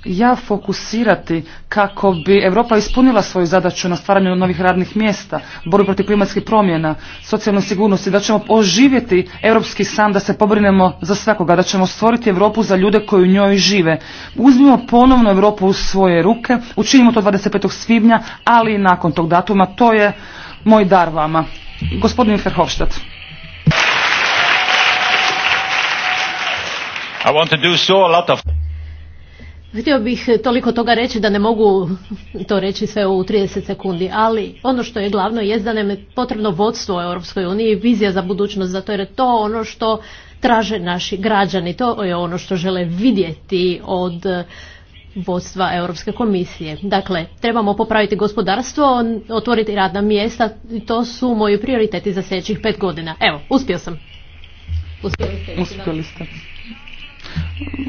ja fokusirati kako bi Europa ispunila svoju zadaću na stvaranju novih radnih mjesta, borbi protiv klimatskih promjena, socijalne sigurnosti, da ćemo oživjeti europski sam, da se pobrinemo za svakoga, da ćemo stvoriti Europu za ljude koji u njoj žive. Uzmimo ponovno Europu u svoje ruke, učinimo to 25. svibnja, ali i nakon tog datuma, to je moj dar vama. Gospodin Ferhofstadt. I want to do so a lot of... Htio bih toliko toga reći da ne mogu to reći sve u 30 sekundi, ali ono što je glavno je da nam je potrebno vodstvo u EU i vizija za budućnost, zato jer je to ono što traže naši građani, to je ono što žele vidjeti od vodstva Europske komisije. Dakle, trebamo popraviti gospodarstvo, otvoriti radna mjesta, i to su moji prioriteti za sljedećih pet godina. Evo, uspio sam. Uspjeli ste. Uspjeli ste.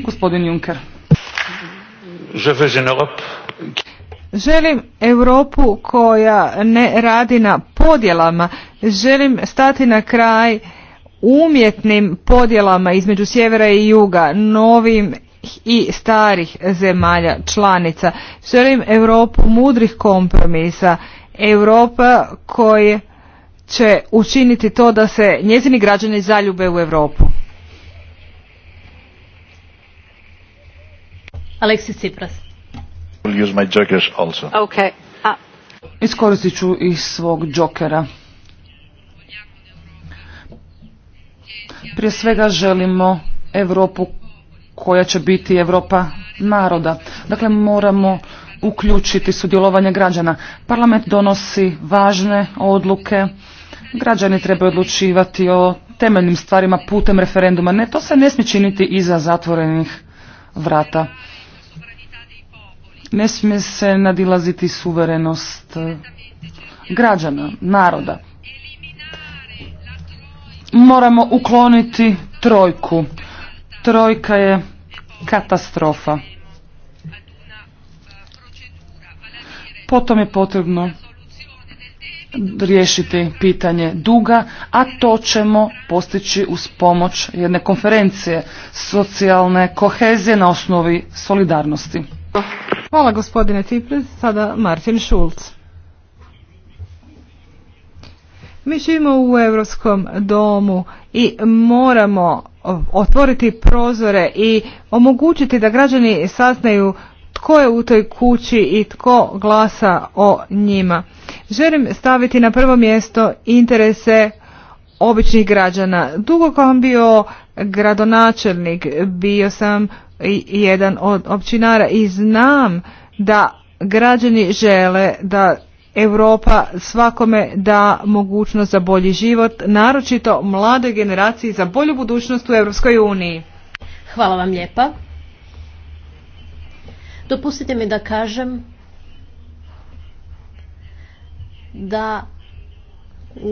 Gospodin Juncker. Želim Europu koja ne radi na podjelama. Želim stati na kraj umjetnim podjelama između sjevera i juga, novim i starih zemalja članica. Želim Europu mudrih kompromisa, Europa koja će učiniti to da se njezini građani zaljube u Europu. Alexis We'll use my jokers also. Ah. Iskoristit ću i svog džokera. Prije svega želimo Europu koja će biti Europa naroda. Dakle, moramo uključiti sudjelovanje građana. Parlament donosi važne odluke, građani trebaju odlučivati o temeljnim stvarima putem referenduma. Ne, to se ne smije činiti iza zatvorenih vrata. Ne smije se nadilaziti suverenost eh, građana, naroda. Moramo ukloniti trojku. Trojka je katastrofa. Potom je potrebno riješiti pitanje duga, a to ćemo postići uz pomoć jedne konferencije socijalne kohezije na osnovi solidarnosti. Hvala gospodine Cipres. Sada Martin Schulz. Mi živimo u Europskom domu i moramo otvoriti prozore i omogućiti da građani saznaju tko je u toj kući i tko glasa o njima. Želim staviti na prvo mjesto interese običnih građana. Dugo kao bio gradonačelnik, bio sam jedan od općinara i znam da građani žele da Europa svakome da mogućnost za bolji život, naročito mladoj generaciji za bolju budućnost u Europskoj uniji. Hvala vam lijepa. Dopustite mi da kažem da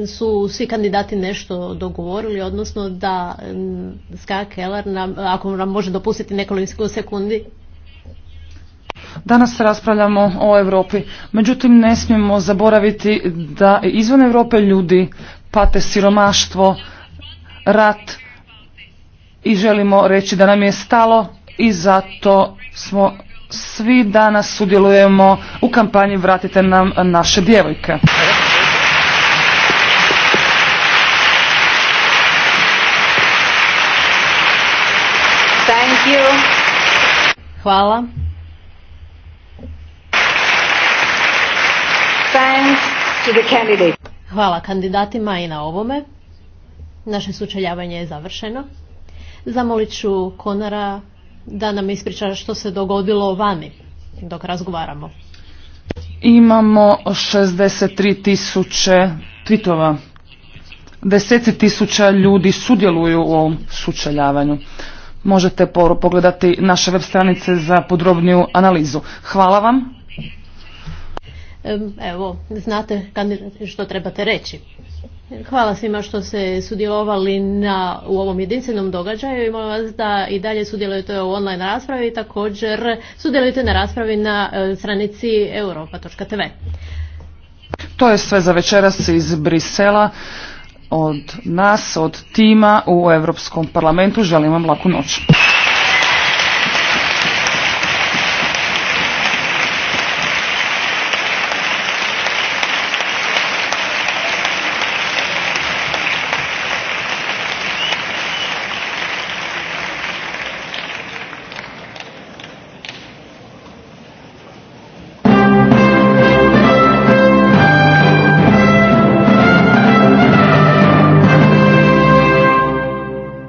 su svi kandidati nešto dogovorili, odnosno da mm, Ska Keller nam, ako nam može dopustiti nekoliko sekundi, Danas raspravljamo o Europi, međutim ne smijemo zaboraviti da izvan Europe ljudi pate siromaštvo, rat i želimo reći da nam je stalo i zato smo svi danas sudjelujemo u kampanji Vratite nam naše djevojke. Hvala. Hvala kandidatima i na ovome. Naše sučeljavanje je završeno. Zamolit ću Konara da nam ispriča što se dogodilo vani dok razgovaramo. Imamo 63 tisuće tvitova. Deseci tisuća ljudi sudjeluju u ovom sučeljavanju možete pogledati naše web stranice za podrobniju analizu. Hvala vam. Evo, znate što trebate reći. Hvala svima što se sudjelovali na, u ovom jedinstvenom događaju i molim vas da i dalje sudjelujete u online raspravi i također sudjelujete na raspravi na e, stranici europa.tv. To je sve za večeras iz Brisela od nas, od tima u Europskom parlamentu. Želim vam laku noć.